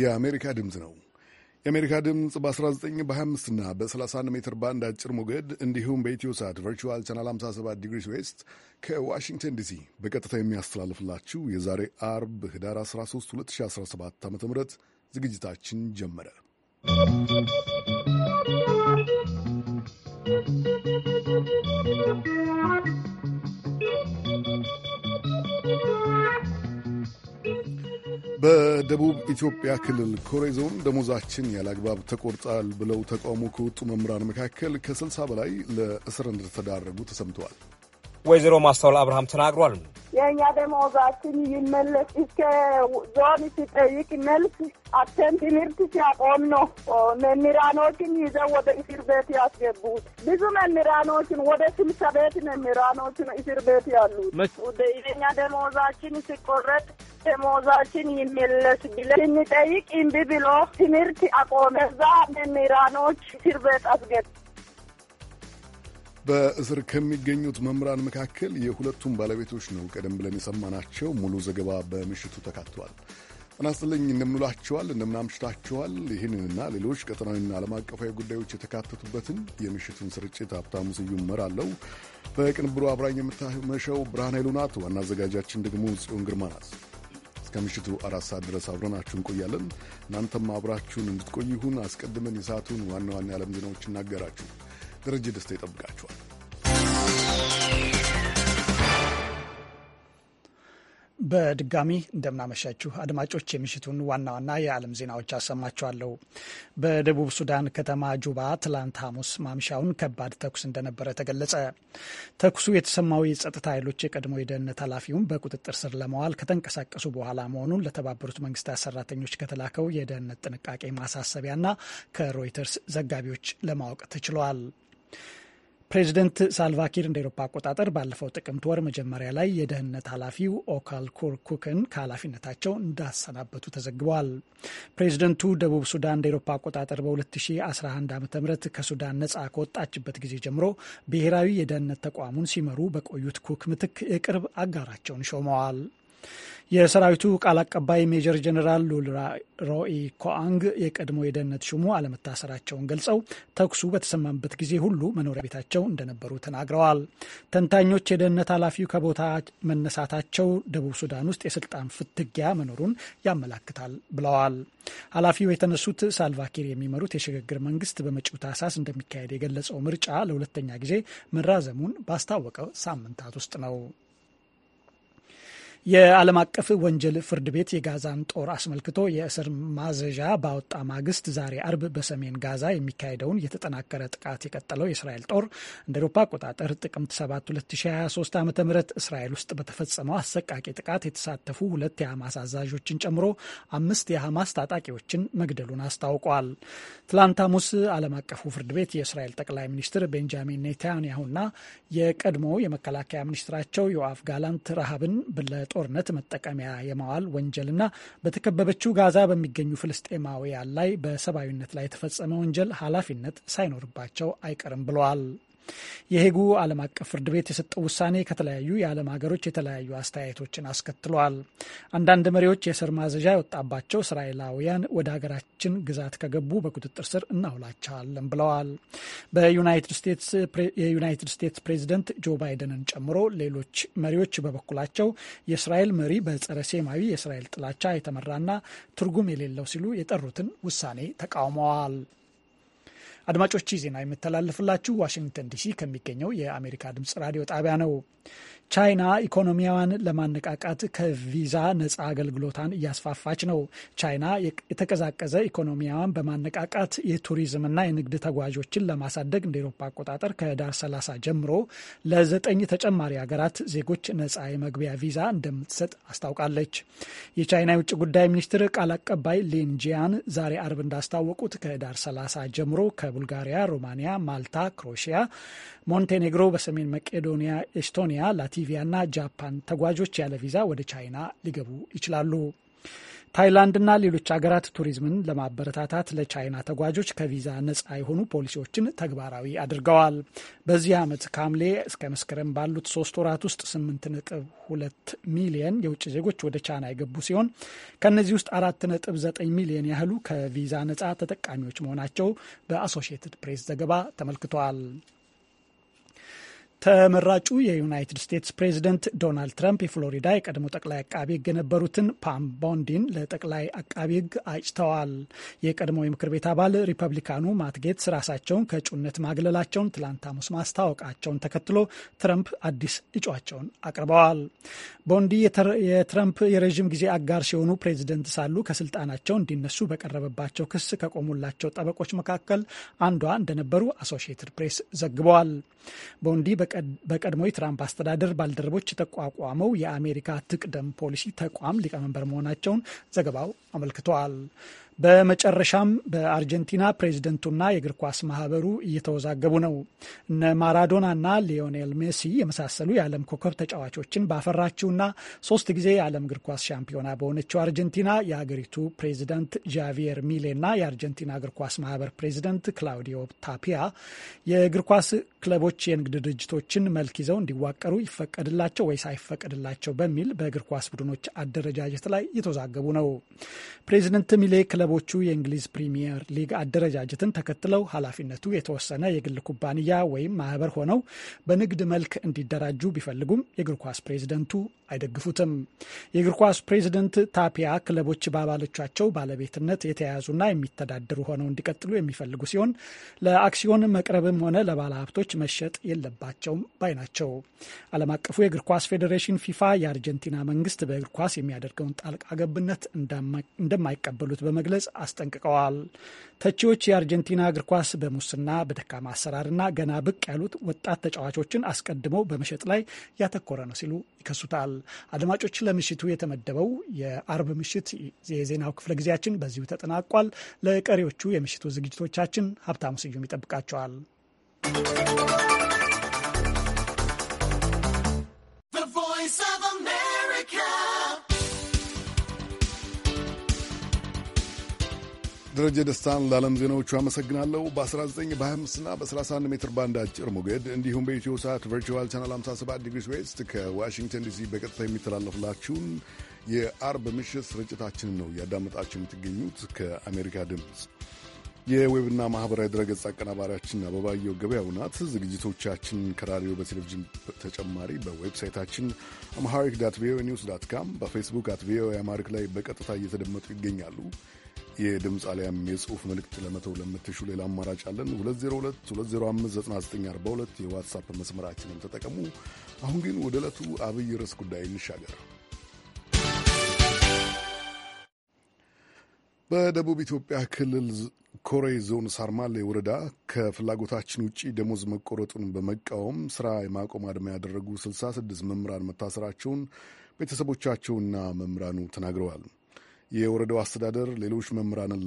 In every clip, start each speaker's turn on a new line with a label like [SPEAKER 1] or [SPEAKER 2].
[SPEAKER 1] የአሜሪካ ድምፅ ነው። የአሜሪካ ድምፅ በ19 በ25 እና በ31 ሜትር ባንድ አጭር ሞገድ እንዲሁም በኢትዮ ሳት ቨርቹዋል ቻናል 57 ዲግሪስ ዌስት ከዋሽንግተን ዲሲ በቀጥታ የሚያስተላልፍላችሁ የዛሬ አርብ ህዳር 13 2017 ዓ ም ዝግጅታችን ጀመረ። በደቡብ ኢትዮጵያ ክልል ኮሬ ዞን ደሞዛችን ያለአግባብ ተቆርጧል ብለው ተቃውሞ ከወጡ መምህራን መካከል ከ60 በላይ ለእስር እንደተዳረጉ ተሰምተዋል። ወይዘሮ ማስተዋል አብርሃም ተናግሯል።
[SPEAKER 2] የእኛ ደሞዛችን ይመለስ እስከ ዞን ሲጠይቅ መልስ አተን ትምህርት ሲያቆም ነው መምህራኖችን ይዘው ወደ እስር ቤት ያስገቡት። ብዙ መምህራኖችን ወደ ስልሳ ቤት መምህራኖችን እስር ቤት ያሉት የእኛ ደሞዛችን ሲቆረጥ ደሞዛችን ይመለስ ብለን ስንጠይቅ እምቢ ብሎ ትምህርት አቆመ። እዛ መምህራኖች እስር ቤት አስገቡ።
[SPEAKER 1] በእስር ከሚገኙት መምህራን መካከል የሁለቱም ባለቤቶች ነው ቀደም ብለን የሰማናቸው። ሙሉ ዘገባ በምሽቱ ተካትቷል። እናስጥልኝ እንደምንላችኋል፣ እንደምናምሽታችኋል። ይህንንና ሌሎች ቀጠናዊና ዓለም አቀፋዊ ጉዳዮች የተካተቱበትን የምሽቱን ስርጭት ሀብታሙ ስዩም መራለው። በቅንብሩ አብራኝ የምታመሸው ብርሃን ኃይሉ ናት። ዋና አዘጋጃችን ደግሞ ጽዮን ግርማ ናት። እስከ ምሽቱ አራት ሰዓት ድረስ አብረናችሁ እንቆያለን። እናንተም አብራችሁን እንድትቆይ ይሁን። አስቀድመን የሰዓቱን ዋና ዋና የዓለም ዜናዎች እናገራችሁ። ደረጀ ደስታ ይጠብቃችኋል።
[SPEAKER 3] በድጋሚ እንደምናመሻችሁ አድማጮች፣ የምሽቱን ዋና ዋና የዓለም ዜናዎች አሰማችኋለሁ። በደቡብ ሱዳን ከተማ ጁባ ትላንት ሐሙስ ማምሻውን ከባድ ተኩስ እንደነበረ ተገለጸ። ተኩሱ የተሰማው የጸጥታ ኃይሎች የቀድሞ የደህንነት ኃላፊውን በቁጥጥር ስር ለመዋል ከተንቀሳቀሱ በኋላ መሆኑን ለተባበሩት መንግስታት ሰራተኞች ከተላከው የደህንነት ጥንቃቄ ማሳሰቢያና ከሮይተርስ ዘጋቢዎች ለማወቅ ተችሏል። ፕሬዚደንት ሳልቫኪር እንደ ኤሮፓ አቆጣጠር ባለፈው ጥቅምት ወር መጀመሪያ ላይ የደህንነት ኃላፊው ኦካል ኩርኩክን ከኃላፊነታቸው እንዳሰናበቱ ተዘግበዋል። ፕሬዚደንቱ ደቡብ ሱዳን እንደ ኤሮፓ አቆጣጠር በ2011 ዓ ም ከሱዳን ነጻ ከወጣችበት ጊዜ ጀምሮ ብሔራዊ የደህንነት ተቋሙን ሲመሩ በቆዩት ኩክ ምትክ የቅርብ አጋራቸውን ሾመዋል። የሰራዊቱ ቃል አቀባይ ሜጀር ጀኔራል ሉል ሮኢ ኮአንግ የቀድሞ የደህንነት ሹሙ አለመታሰራቸውን ገልጸው ተኩሱ በተሰማበት ጊዜ ሁሉ መኖሪያ ቤታቸው እንደነበሩ ተናግረዋል። ተንታኞች የደህንነት ኃላፊው ከቦታ መነሳታቸው ደቡብ ሱዳን ውስጥ የስልጣን ፍትጊያ መኖሩን ያመላክታል ብለዋል። ኃላፊው የተነሱት ሳልቫኪር የሚመሩት የሽግግር መንግስት በመጪው ታህሳስ እንደሚካሄድ የገለጸው ምርጫ ለሁለተኛ ጊዜ መራዘሙን ባስታወቀው ሳምንታት ውስጥ ነው። የዓለም አቀፍ ወንጀል ፍርድ ቤት የጋዛን ጦር አስመልክቶ የእስር ማዘዣ ባወጣ ማግስት ዛሬ አርብ በሰሜን ጋዛ የሚካሄደውን የተጠናከረ ጥቃት የቀጠለው የእስራኤል ጦር እንደ ኤሮፓ አቆጣጠር ጥቅምት 7 2023 ዓ ም እስራኤል ውስጥ በተፈጸመው አሰቃቂ ጥቃት የተሳተፉ ሁለት የሐማስ አዛዦችን ጨምሮ አምስት የሐማስ ታጣቂዎችን መግደሉን አስታውቋል። ትላንት ሐሙስ ዓለም አቀፉ ፍርድ ቤት የእስራኤል ጠቅላይ ሚኒስትር ቤንጃሚን ኔታንያሁና የቀድሞ የመከላከያ ሚኒስትራቸው ዮአፍ ጋላንት ረሃብን ጦርነት መጠቀሚያ የማዋል ወንጀልና በተከበበችው ጋዛ በሚገኙ ፍልስጤማውያን ላይ በሰብአዊነት ላይ የተፈጸመ ወንጀል ኃላፊነት ሳይኖርባቸው አይቀርም ብለዋል። የሄጉ ዓለም አቀፍ ፍርድ ቤት የሰጠው ውሳኔ ከተለያዩ የዓለም ሀገሮች የተለያዩ አስተያየቶችን አስከትሏል። አንዳንድ መሪዎች የእስር ማዘዣ የወጣባቸው እስራኤላውያን ወደ ሀገራችን ግዛት ከገቡ በቁጥጥር ስር እናውላቸዋለን ብለዋል። የዩናይትድ ስቴትስ ፕሬዚደንት ጆ ባይደንን ጨምሮ ሌሎች መሪዎች በበኩላቸው የእስራኤል መሪ በጸረ ሴማዊ የእስራኤል ጥላቻ የተመራና ትርጉም የሌለው ሲሉ የጠሩትን ውሳኔ ተቃውመዋል። አድማጮች ዜና የምተላለፍላችሁ ዋሽንግተን ዲሲ ከሚገኘው የአሜሪካ ድምጽ ራዲዮ ጣቢያ ነው። ቻይና ኢኮኖሚያዋን ለማነቃቃት ከቪዛ ነጻ አገልግሎታን እያስፋፋች ነው። ቻይና የተቀዛቀዘ ኢኮኖሚያዋን በማነቃቃት የቱሪዝምና የንግድ ተጓዦችን ለማሳደግ እንደ ኤሮፓ አቆጣጠር ከህዳር 30 ጀምሮ ለዘጠኝ ተጨማሪ ሀገራት ዜጎች ነጻ የመግቢያ ቪዛ እንደምትሰጥ አስታውቃለች። የቻይና የውጭ ጉዳይ ሚኒስትር ቃል አቀባይ ሊንጂያን ዛሬ አርብ እንዳስታወቁት ከህዳር 30 ጀምሮ ከ ቡልጋሪያ፣ ሮማንያ፣ ማልታ፣ ክሮኤሽያ፣ ሞንቴኔግሮ፣ በሰሜን መቄዶኒያ፣ ኤስቶኒያ፣ ላቲቪያ እና ጃፓን ተጓዦች ያለ ቪዛ ወደ ቻይና ሊገቡ ይችላሉ። ታይላንድና ሌሎች አገራት ቱሪዝምን ለማበረታታት ለቻይና ተጓዦች ከቪዛ ነጻ የሆኑ ፖሊሲዎችን ተግባራዊ አድርገዋል። በዚህ ዓመት ከሐምሌ እስከ መስከረም ባሉት ሶስት ወራት ውስጥ ስምንት ነጥብ ሁለት ሚሊየን የውጭ ዜጎች ወደ ቻይና የገቡ ሲሆን ከእነዚህ ውስጥ አራት ነጥብ ዘጠኝ ሚሊየን ያህሉ ከቪዛ ነጻ ተጠቃሚዎች መሆናቸው በአሶሺየትድ ፕሬስ ዘገባ ተመልክቷል። ተመራጩ የዩናይትድ ስቴትስ ፕሬዚደንት ዶናልድ ትራምፕ የፍሎሪዳ የቀድሞ ጠቅላይ አቃቢ ሕግ የነበሩትን ፓም ቦንዲን ለጠቅላይ አቃቢ ሕግ አጭተዋል። የቀድሞ የምክር ቤት አባል ሪፐብሊካኑ ማትጌትስ ራሳቸውን ከእጩነት ማግለላቸውን ትላንት ሐሙስ ማስታወቃቸውን ተከትሎ ትራምፕ አዲስ እጩአቸውን አቅርበዋል። ቦንዲ የትራምፕ የረዥም ጊዜ አጋር ሲሆኑ ፕሬዚደንት ሳሉ ከስልጣናቸው እንዲነሱ በቀረበባቸው ክስ ከቆሙላቸው ጠበቆች መካከል አንዷ እንደነበሩ አሶሺየትድ ፕሬስ ዘግበዋል። ቦንዲ በቀድሞ የትራምፕ አስተዳደር ባልደረቦች የተቋቋመው የአሜሪካ ትቅደም ፖሊሲ ተቋም ሊቀመንበር መሆናቸውን ዘገባው አመልክተዋል። በመጨረሻም በአርጀንቲና ፕሬዝደንቱና የእግር ኳስ ማህበሩ እየተወዛገቡ ነው። እነ ማራዶናና ሊዮኔል ሜሲ የመሳሰሉ የዓለም ኮከብ ተጫዋቾችን ባፈራችውና ሶስት ጊዜ የዓለም እግር ኳስ ሻምፒዮና በሆነችው አርጀንቲና የሀገሪቱ ፕሬዝደንት ዣቪየር ሚሌና የአርጀንቲና እግር ኳስ ማህበር ፕሬዚደንት ክላውዲዮ ታፒያ የእግር ኳስ ክለቦች የንግድ ድርጅቶችን መልክ ይዘው እንዲዋቀሩ ይፈቀድላቸው ወይስ አይፈቀድላቸው በሚል በእግር ኳስ ቡድኖች አደረጃጀት ላይ እየተወዛገቡ ነው። ፕሬዚደንት ሚሌ ክለቦቹ የእንግሊዝ ፕሪሚየር ሊግ አደረጃጀትን ተከትለው ኃላፊነቱ የተወሰነ የግል ኩባንያ ወይም ማህበር ሆነው በንግድ መልክ እንዲደራጁ ቢፈልጉም የእግር ኳስ ፕሬዚደንቱ አይደግፉትም። የእግር ኳስ ፕሬዚደንት ታፒያ ክለቦች በአባሎቻቸው ባለቤትነት የተያያዙና የሚተዳደሩ ሆነው እንዲቀጥሉ የሚፈልጉ ሲሆን ለአክሲዮን መቅረብም ሆነ ለባለሀብቶች መሸጥ የለባቸውም ባይ ናቸው። ዓለም አቀፉ የእግር ኳስ ፌዴሬሽን ፊፋ የአርጀንቲና መንግስት በእግር ኳስ የሚያደርገውን ጣልቃ ገብነት እንደማይቀበሉት በመግለጽ በመግለጽ አስጠንቅቀዋል። ተቺዎች የአርጀንቲና እግር ኳስ በሙስና በደካማ አሰራርና ገና ብቅ ያሉት ወጣት ተጫዋቾችን አስቀድመው በመሸጥ ላይ ያተኮረ ነው ሲሉ ይከሱታል። አድማጮች፣ ለምሽቱ የተመደበው የአርብ ምሽት የዜናው ክፍለ ጊዜያችን በዚሁ ተጠናቋል። ለቀሪዎቹ የምሽቱ ዝግጅቶቻችን ሀብታሙ ስዩም ይጠብቃቸዋል።
[SPEAKER 1] ደረጀ ደስታን ለዓለም ዜናዎቹ አመሰግናለሁ። በ19 በ25ና በ31 ሜትር ባንድ አጭር ሞገድ እንዲሁም በኢትዮ ሰዓት ቨርቹዋል ቻናል 57 ዲግሪ ዌስት ከዋሽንግተን ዲሲ በቀጥታ የሚተላለፍላችሁን የአርብ ምሽት ስርጭታችንን ነው እያዳመጣችሁ የምትገኙት ከአሜሪካ ድምፅ የዌብና ማህበራዊ ድረገጽ አቀናባሪያችን አበባየው ገበያው ናት። ዝግጅቶቻችን ከራዲዮ በቴሌቪዥን ተጨማሪ በዌብሳይታችን አምሃሪክ ዳት ቪኦኤ ኒውስ ዳት ካም በፌስቡክ አት ቪኦኤ አማሪክ ላይ በቀጥታ እየተደመጡ ይገኛሉ። የድምፅ አሊያም የጽሑፍ መልእክት ለመተው ለምትሹ ሌላ አማራጭ አለን። 2022059942 የዋትሳፕ መስመራችንን ተጠቀሙ። አሁን ግን ወደ ዕለቱ አብይ ርዕስ ጉዳይ እንሻገር። በደቡብ ኢትዮጵያ ክልል ኮሬ ዞን ሳርማሌ ወረዳ ከፍላጎታችን ውጪ ደሞዝ መቆረጡን በመቃወም ስራ የማቆም አድማ ያደረጉ 66 መምህራን መታሰራቸውን ቤተሰቦቻቸውና መምህራኑ ተናግረዋል። የወረዳው አስተዳደር ሌሎች መምህራንን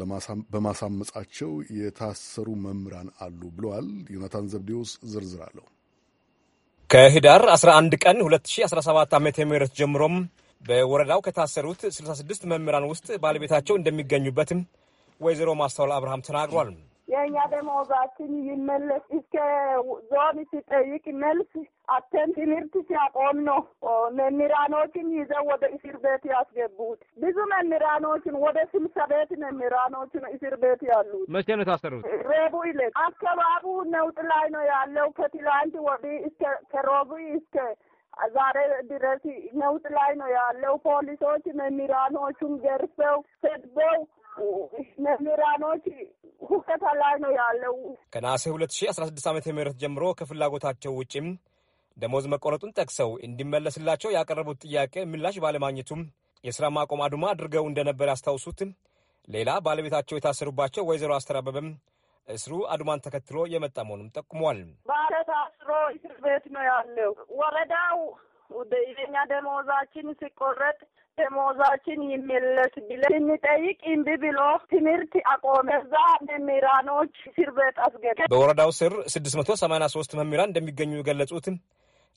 [SPEAKER 1] በማሳመጻቸው የታሰሩ መምህራን አሉ ብለዋል። ዮናታን ዘብዴዎስ ዝርዝር አለው።
[SPEAKER 4] ከህዳር 11 ቀን 2017 ዓ ም ጀምሮም በወረዳው ከታሰሩት 66 መምህራን ውስጥ ባለቤታቸው እንደሚገኙበትም ወይዘሮ ማስተዋል አብርሃም ተናግሯል።
[SPEAKER 2] የእኛ ደሞዛችን ይመለስ እስከ ዞን ሲጠይቅ መልስ አተን ትምህርት ሲያቆም ነው መምህራኖችን ይዘው ወደ እስር ቤት ያስገቡት። ብዙ መምህራኖችን ወደ ስልሳ ቤት መምህራኖችን እስር ቤት ያሉት
[SPEAKER 5] መቼ ነው ታሰሩት?
[SPEAKER 2] ረቡዕ ዕለት አካባቢው ነውጥ ላይ ነው ያለው። ከትላንት ወዲህ እስከ ከሮቡ እስከ ዛሬ ድረስ ነውጥ ላይ ነው ያለው። ፖሊሶች መምህራኖቹን ገርፈው ሰድበው መምህራኖች ሁከታ ላይ ነው ያለው።
[SPEAKER 4] ከነሐሴ 2016 ዓመተ ምህረት ጀምሮ ከፍላጎታቸው ውጪም ደሞዝ መቆረጡን ጠቅሰው እንዲመለስላቸው ያቀረቡት ጥያቄ ምላሽ ባለማግኘቱም የሥራ ማቆም አድማ አድርገው እንደነበር ያስታውሱት ሌላ ባለቤታቸው የታሰሩባቸው ወይዘሮ አስተራበበም እስሩ አድማን ተከትሎ የመጣ መሆኑም ጠቁሟል።
[SPEAKER 2] ባለ ታስሮ እስር ቤት ነው ያለው። ወረዳው የኛ ደሞዛችን ሲቆረጥ ደሞዛችን ይመለስ ብለን ስንጠይቅ እምቢ ብሎ ትምህርት አቆመ። እዛ መምህራኖች እስር ቤት አስገደ። በወረዳው
[SPEAKER 4] ስር ስድስት መቶ ሰማንያ ሶስት መምህራን እንደሚገኙ የገለጹት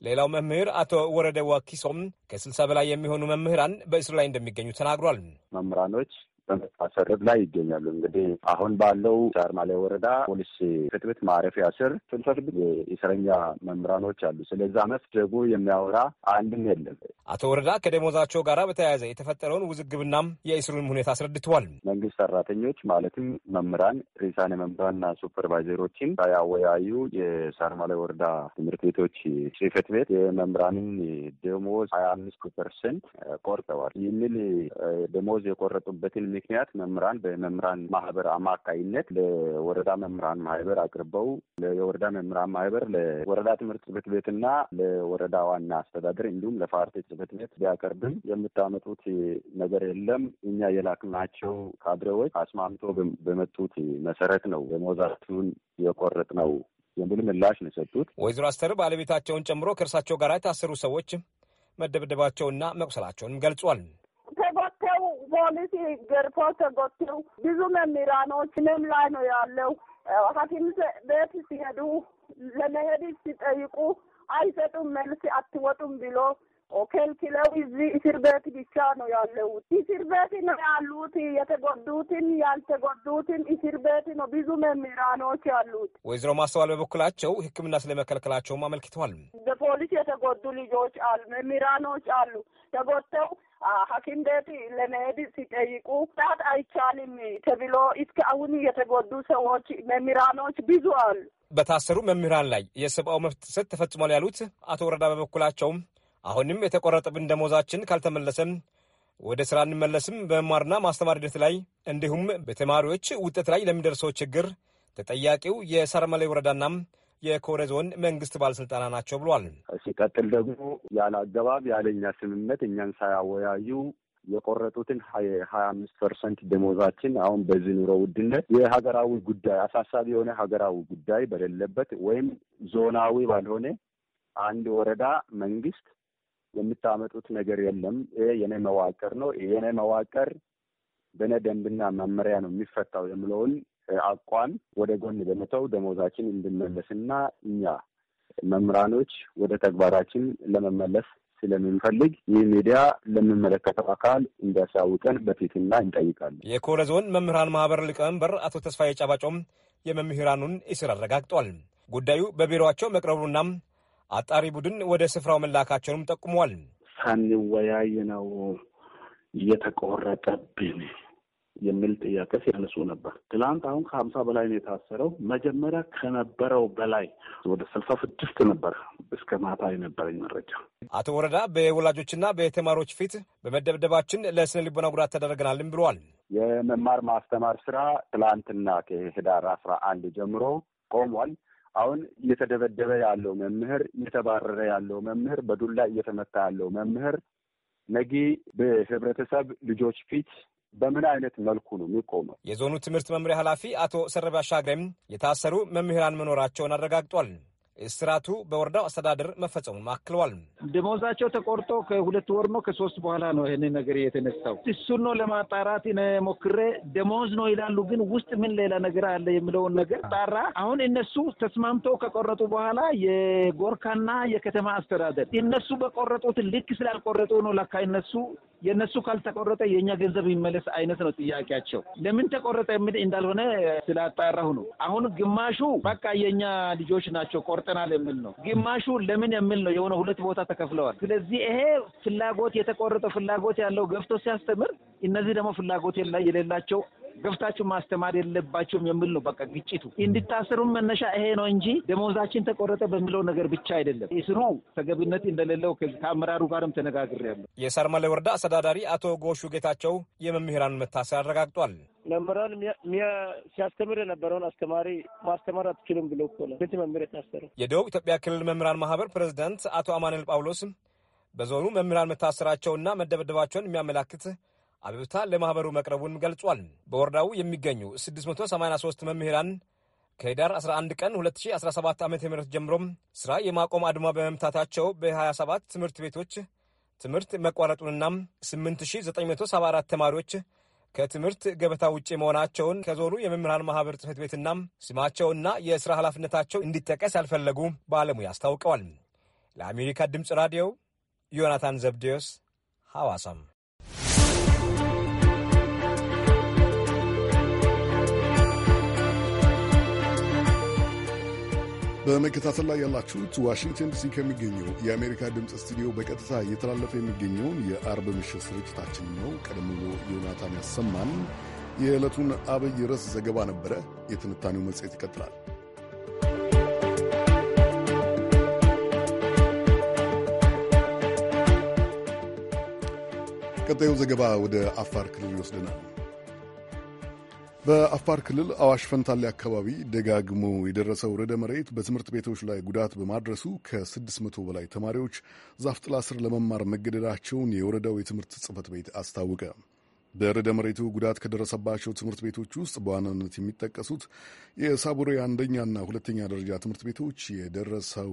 [SPEAKER 4] ሌላው መምህር አቶ ወረደ ዋኪሶም ከስልሳ በላይ የሚሆኑ መምህራን በእስር ላይ እንደሚገኙ ተናግሯል።
[SPEAKER 6] መምህራኖች በመታሰር ላይ ይገኛሉ። እንግዲህ አሁን ባለው ሳርማሌ ወረዳ ፖሊስ ፍትብት ማረፊያ ስር ስልሰት የእስረኛ መምህራኖች አሉ። ስለዛ መፍት ደግሞ የሚያወራ አንድም የለም።
[SPEAKER 4] አቶ ወረዳ ከደሞዛቸው ጋር በተያያዘ የተፈጠረውን ውዝግብናም የእስሩንም ሁኔታ አስረድተዋል።
[SPEAKER 6] መንግስት ሰራተኞች ማለትም መምህራን፣ ርዕሳነ መምህራንና ሱፐርቫይዘሮችን ያወያዩ የሳርማላይ ወረዳ ትምህርት ቤቶች ጽህፈት ቤት የመምህራንን ደሞዝ ሀያ አምስት ፐርሰንት ቆርጠዋል የሚል ደሞዝ የቆረጡበትን ምክንያት መምህራን በመምህራን ማህበር አማካይነት ለወረዳ መምህራን ማህበር አቅርበው የወረዳ መምህራን ማህበር ለወረዳ ትምህርት ጽህፈት ቤትና ለወረዳ ዋና አስተዳደር እንዲሁም ለፓርቲ ጽህፈት ቤት ቢያቀርብም የምታመጡት ነገር የለም እኛ የላክናቸው ካድሬዎች አስማምቶ በመጡት መሰረት ነው የመዛቱን የቆረጥ ነው የሚል ምላሽ ነው የሰጡት።
[SPEAKER 4] ወይዘሮ አስተር ባለቤታቸውን ጨምሮ ከእርሳቸው ጋር የታሰሩ ሰዎች መደብደባቸውና መቁሰላቸውንም ገልጿል።
[SPEAKER 2] ፖሊሲ ገርፎ ተጎትው ብዙ መምህራኖችንም ላይ ነው ያለው። ሐኪም ቤት ሲሄዱ ለመሄድ ሲጠይቁ አይሰጡም፣ መልስ አትወጡም ብሎ ከልክለው እዚህ እስር ቤት ብቻ ነው ያለሁት። እስር ቤት ነው ያሉት የተጎዱትን ያልተጎዱትን እስር ቤት ነው ብዙ መምህራኖች ያሉት።
[SPEAKER 7] ወይዘሮ
[SPEAKER 4] ማስተዋል በበኩላቸው ሕክምና ስለመከልከላቸውም አመልክተዋል።
[SPEAKER 2] በፖሊስ የተጎዱ ልጆች አሉ፣ መምህራኖች አሉ ተጎድተው ሐኪም ቤት ለመሄድ ሲጠይቁ ጣት አይቻልም ተብሎ እስከ አሁን የተጎዱ ሰዎች መምህራኖች ብዙ አሉ።
[SPEAKER 4] በታሰሩ መምህራን ላይ የሰብአዊ መብት ጥሰት ተፈጽሟል ያሉት አቶ ወረዳ በበኩላቸውም አሁንም የተቆረጠብን ደሞዛችን ካልተመለሰም ወደ ስራ እንመለስም በመማርና ማስተማር ሂደት ላይ እንዲሁም በተማሪዎች ውጤት ላይ ለሚደርሰው ችግር ተጠያቂው የሳርመሌ ወረዳና የኮረ ዞን መንግስት ባለስልጣና ናቸው ብሏል።
[SPEAKER 6] ሲቀጥል ደግሞ ያለ አገባብ ያለኛ ስምምነት እኛን ሳያወያዩ የቆረጡትን ሀያ አምስት ፐርሰንት ደሞዛችን አሁን በዚህ ኑሮ ውድነት የሀገራዊ ጉዳይ አሳሳቢ የሆነ ሀገራዊ ጉዳይ በሌለበት ወይም ዞናዊ ባልሆነ አንድ ወረዳ መንግስት የምታመጡት ነገር የለም። ይሄ የኔ መዋቅር ነው፣ የኔ መዋቅር በነ ደንብና መመሪያ ነው የሚፈታው የምለውን አቋም ወደ ጎን በመተው ደሞዛችን እንድመለስና እኛ መምህራኖች ወደ ተግባራችን ለመመለስ ስለምንፈልግ ይህ ሚዲያ ለሚመለከተው አካል እንዲያሳውቀን በፊትና እንጠይቃለን።
[SPEAKER 4] የኮረ ዞን መምህራን ማህበር ሊቀመንበር አቶ ተስፋዬ ጫባጮም የመምህራኑን እስር አረጋግጧል። ጉዳዩ በቢሮቸው መቅረቡና አጣሪ ቡድን ወደ ስፍራው መላካቸውንም ጠቁሟል።
[SPEAKER 6] ሳንወያይ ነው እየተቆረጠብን የሚል ጥያቄ ሲያነሱ ነበር። ትላንት አሁን ከሀምሳ በላይ ነው የታሰረው። መጀመሪያ ከነበረው በላይ ወደ ስልሳ ስድስት ነበር እስከ ማታ የነበረኝ መረጃ።
[SPEAKER 4] አቶ ወረዳ በወላጆችና በተማሪዎች ፊት በመደብደባችን ለስነ ልቦና ጉዳት ተደረገናልም ብለዋል።
[SPEAKER 6] የመማር ማስተማር ስራ ትላንትና ከህዳር አስራ አንድ ጀምሮ ቆሟል። አሁን እየተደበደበ ያለው መምህር፣ እየተባረረ ያለው መምህር፣ በዱላ እየተመታ ያለው መምህር ነጊ በህብረተሰብ ልጆች ፊት በምን አይነት መልኩ ነው የሚቆመው?
[SPEAKER 4] የዞኑ ትምህርት መምሪያ ኃላፊ አቶ ሰረብ ሻግሬም የታሰሩ መምህራን መኖራቸውን አረጋግጧል። ስራቱ በወረዳው አስተዳደር መፈጸሙን አክለዋል። ደሞዛቸው
[SPEAKER 8] ተቆርጦ ከሁለት ወር ነው ከሶስት በኋላ ነው ይህን ነገር የተነሳው። እሱን ነው ለማጣራት ሞክሬ ደሞዝ ነው ይላሉ፣ ግን ውስጥ ምን ሌላ ነገር አለ የሚለውን ነገር ጣራ። አሁን እነሱ ተስማምቶ ከቆረጡ በኋላ የጎርካና የከተማ አስተዳደር እነሱ በቆረጡት ልክ ስላልቆረጡ ነው ለካ እነሱ የእነሱ ካልተቆረጠ የእኛ ገንዘብ ይመለስ አይነት ነው ጥያቄያቸው። ለምን ተቆረጠ የሚል እንዳልሆነ ስላጣራሁ ነው። አሁን ግማሹ በቃ የእኛ ልጆች ናቸው ቆርጠ ተቆርጠናል የሚል ነው። ግማሹ ለምን የሚል ነው። የሆነ ሁለት ቦታ ተከፍለዋል። ስለዚህ ይሄ ፍላጎት የተቆረጠ ፍላጎት ያለው ገብቶ ሲያስተምር፣ እነዚህ ደግሞ ፍላጎት የሌላቸው ገብታችሁ ማስተማር የለባችሁም የሚል ነው። በቃ ግጭቱ እንድታሰሩም መነሻ ይሄ ነው እንጂ ደሞዛችን ተቆረጠ በሚለው ነገር ብቻ አይደለም። ስሩ ተገቢነት እንደሌለው ከአመራሩ
[SPEAKER 4] ጋርም ተነጋግሬያለሁ። የሳርማሌ ወረዳ አስተዳዳሪ አቶ ጎሹ ጌታቸው የመምህራን መታሰር አረጋግጧል።
[SPEAKER 8] መምህራን ሲያስተምር የነበረውን አስተማሪ ማስተማር አትችሉም ብሎ ኮነ ቤት መምህር የታሰረው
[SPEAKER 4] የደቡብ ኢትዮጵያ ክልል መምህራን ማህበር ፕሬዚዳንት አቶ አማኑኤል ጳውሎስ በዞኑ መምህራን መታሰራቸውና መደበደባቸውን የሚያመላክት አቤቱታ ለማኅበሩ መቅረቡን ገልጿል። በወረዳው የሚገኙ 683 መምህራን ከህዳር 11 ቀን 2017 ዓ ም ጀምሮ ሥራ የማቆም አድማ በመምታታቸው በ27 ትምህርት ቤቶች ትምህርት መቋረጡንና 8974 ተማሪዎች ከትምህርት ገበታ ውጭ መሆናቸውን ከዞኑ የመምህራን ማህበር ጽህፈት ቤትና ስማቸውና የሥራ ኃላፊነታቸው እንዲጠቀስ ያልፈለጉ ባለሙያ አስታውቀዋል። ለአሜሪካ ድምፅ ራዲዮ ዮናታን ዘብዴዎስ ሐዋሳም
[SPEAKER 1] በመከታተል ላይ ያላችሁት ዋሽንግተን ዲሲ ከሚገኘው የአሜሪካ ድምፅ ስቱዲዮ በቀጥታ እየተላለፈ የሚገኘውን የአርብ ምሽት ስርጭታችን ነው። ቀደም ብሎ ዮናታን ያሰማን የዕለቱን አብይ ርዕስ ዘገባ ነበረ። የትንታኔው መጽሔት ይቀጥላል። ቀጣዩ ዘገባ ወደ አፋር ክልል ይወስደናል። በአፋር ክልል አዋሽ ፈንታሌ አካባቢ ደጋግሞ የደረሰው ርዕደ መሬት በትምህርት ቤቶች ላይ ጉዳት በማድረሱ ከ600 በላይ ተማሪዎች ዛፍ ጥላ ስር ለመማር መገደዳቸውን የወረዳው የትምህርት ጽህፈት ቤት አስታወቀ። በርዕደ መሬቱ ጉዳት ከደረሰባቸው ትምህርት ቤቶች ውስጥ በዋናነት የሚጠቀሱት የሳቡሬ አንደኛና ሁለተኛ ደረጃ ትምህርት ቤቶች የደረሰው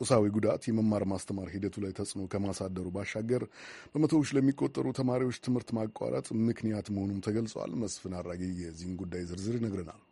[SPEAKER 1] ቁሳዊ ጉዳት የመማር ማስተማር ሂደቱ ላይ ተጽዕኖ ከማሳደሩ ባሻገር በመቶዎች ለሚቆጠሩ ተማሪዎች ትምህርት ማቋረጥ ምክንያት መሆኑም ተገልጿል። መስፍን አራጌ የዚህን ጉዳይ ዝርዝር ይነግረናል።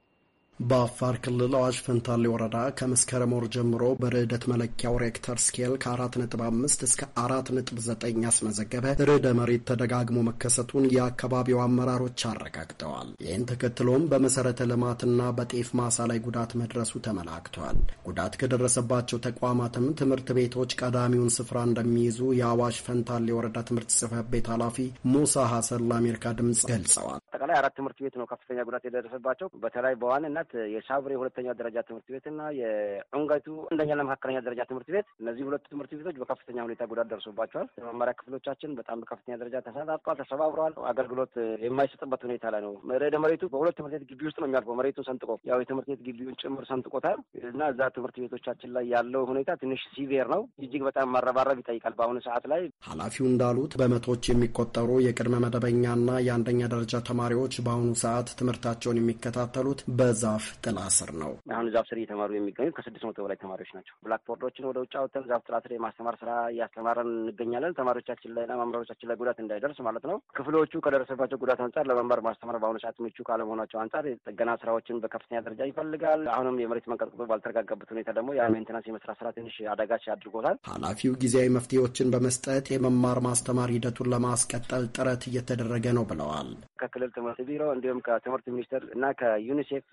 [SPEAKER 9] በአፋር ክልል አዋሽ ፈንታሌ ወረዳ ከመስከረም ወር ጀምሮ በርዕደት መለኪያው ሬክተር ስኬል ከ4.5 እስከ 4.9 ያስመዘገበ ርዕደ መሬት ተደጋግሞ መከሰቱን የአካባቢው አመራሮች አረጋግጠዋል። ይህን ተከትሎም በመሰረተ ልማትና በጤፍ ማሳ ላይ ጉዳት መድረሱ ተመላክቷል። ጉዳት ከደረሰባቸው ተቋማትም ትምህርት ቤቶች ቀዳሚውን ስፍራ እንደሚይዙ የአዋሽ ፈንታሌ ወረዳ ትምህርት ጽህፈት ቤት ኃላፊ ሙሳ ሀሰን ለአሜሪካ ድምጽ ገልጸዋል።
[SPEAKER 8] አጠቃላይ አራት ትምህርት ቤት ነው ከፍተኛ ጉዳት የደረሰባቸው በተለይ በዋንነት ምክንያት የሻብሬ ሁለተኛ ደረጃ ትምህርት ቤት እና የዑንጋይቱ አንደኛ መካከለኛ ደረጃ ትምህርት ቤት እነዚህ ሁለቱ ትምህርት ቤቶች በከፍተኛ ሁኔታ ጉዳት ደርሶባቸዋል። የመማሪያ ክፍሎቻችን በጣም በከፍተኛ ደረጃ ተሰናጥቋል፣ ተሰባብረዋል። አገልግሎት የማይሰጥበት ሁኔታ ላይ ነው። ርዕደ መሬቱ በሁለት ትምህርት ቤት ግቢ ውስጥ ነው የሚያልፈው። መሬቱ ሰንጥቆ ያው የትምህርት ቤት ግቢውን ጭምር ሰንጥቆታል እና እዛ ትምህርት ቤቶቻችን ላይ ያለው ሁኔታ ትንሽ ሲቪየር ነው። እጅግ በጣም ማረባረብ ይጠይቃል በአሁኑ
[SPEAKER 9] ሰዓት ላይ። ኃላፊው እንዳሉት በመቶዎች የሚቆጠሩ የቅድመ መደበኛና የአንደኛ ደረጃ ተማሪዎች በአሁኑ ሰዓት ትምህርታቸውን የሚከታተሉት በዛ ዛፍ ጥላ ስር ነው። አሁን
[SPEAKER 8] ዛፍ ስር እየተማሩ የሚገኙት ከስድስት መቶ በላይ ተማሪዎች ናቸው። ብላክቦርዶችን ወደ ውጭ አውጥተን ዛፍ ጥላ ስር የማስተማር ስራ እያስተማረን እንገኛለን። ተማሪዎቻችን ላይና መምህራኖቻችን ላይ ጉዳት እንዳይደርስ ማለት ነው። ክፍሎቹ ከደረሰባቸው ጉዳት አንጻር ለመማር ማስተማር በአሁኑ ሰዓት ምቹ ካለመሆናቸው አንጻር የጥገና ስራዎችን በከፍተኛ ደረጃ ይፈልጋል። አሁንም የመሬት መንቀጥቀጡ ባልተረጋጋበት ሁኔታ ደግሞ የሜንቴናንስ የመስራት ስራ ትንሽ አዳጋች አድርጎታል።
[SPEAKER 9] ኃላፊው ጊዜያዊ መፍትሄዎችን በመስጠት የመማር ማስተማር ሂደቱን ለማስቀጠል ጥረት እየተደረገ ነው ብለዋል።
[SPEAKER 8] ከክልል ትምህርት ቢሮ እንዲሁም ከትምህርት ሚኒስቴር እና ከዩኒሴፍ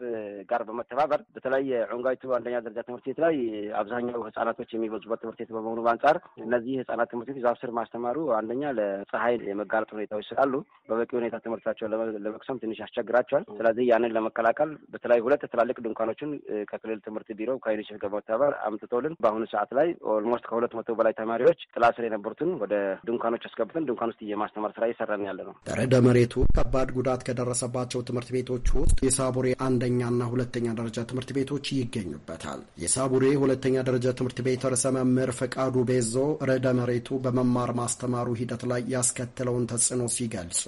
[SPEAKER 8] ጋር በመተባበር በተለይ ዑንጋይቱ አንደኛ ደረጃ ትምህርት ቤት ላይ አብዛኛው ህጻናቶች የሚበዙበት ትምህርት ቤት በመሆኑ በአንጻር እነዚህ ህጻናት ትምህርት ቤት ዛፍ ስር ማስተማሩ አንደኛ ለፀሐይ የመጋለጥ ሁኔታዎች ስላሉ በበቂ ሁኔታ ትምህርታቸውን ለመቅሰም ትንሽ ያስቸግራቸዋል። ስለዚህ ያንን ለመከላከል በተለይ ሁለት ትላልቅ ድንኳኖችን ከክልል ትምህርት ቢሮ ከዩኒሴፍ ጋር በመተባበር አምጥተውልን በአሁኑ ሰዓት ላይ ኦልሞስት ከሁለት መቶ በላይ ተማሪዎች ጥላ ስር የነበሩትን ወደ ድንኳኖች አስገብተን ድንኳን ውስጥ የማስተማር ስራ እየሰራን ያለ ነው።
[SPEAKER 9] በርዕደ መሬቱ ከባድ ጉዳት ከደረሰባቸው ትምህርት ቤቶች ውስጥ የሳቡሬ አንደኛና አንደኛና ሁለተኛ ደረጃ ትምህርት ቤቶች ይገኙበታል። የሳቡሬ ሁለተኛ ደረጃ ትምህርት ቤት ርዕሰ መምህር ፈቃዱ ቤዞ ርዕደ መሬቱ በመማር ማስተማሩ ሂደት ላይ ያስከትለውን ተጽዕኖ ሲገልጹ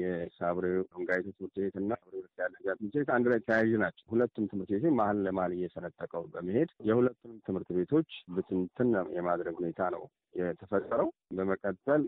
[SPEAKER 6] የሳቡሬ ሮንጋይቶ ትምህርት ቤትና ደረጃ ትምህርት ቤት አንድ ላይ ተያያዥ ናቸው። ሁለቱም ትምህርት ቤቶች መሀል ለመሀል እየሰነጠቀው በመሄድ የሁለቱንም ትምህርት ቤቶች ብትንትን የማድረግ ሁኔታ ነው የተፈጠረው በመቀጠል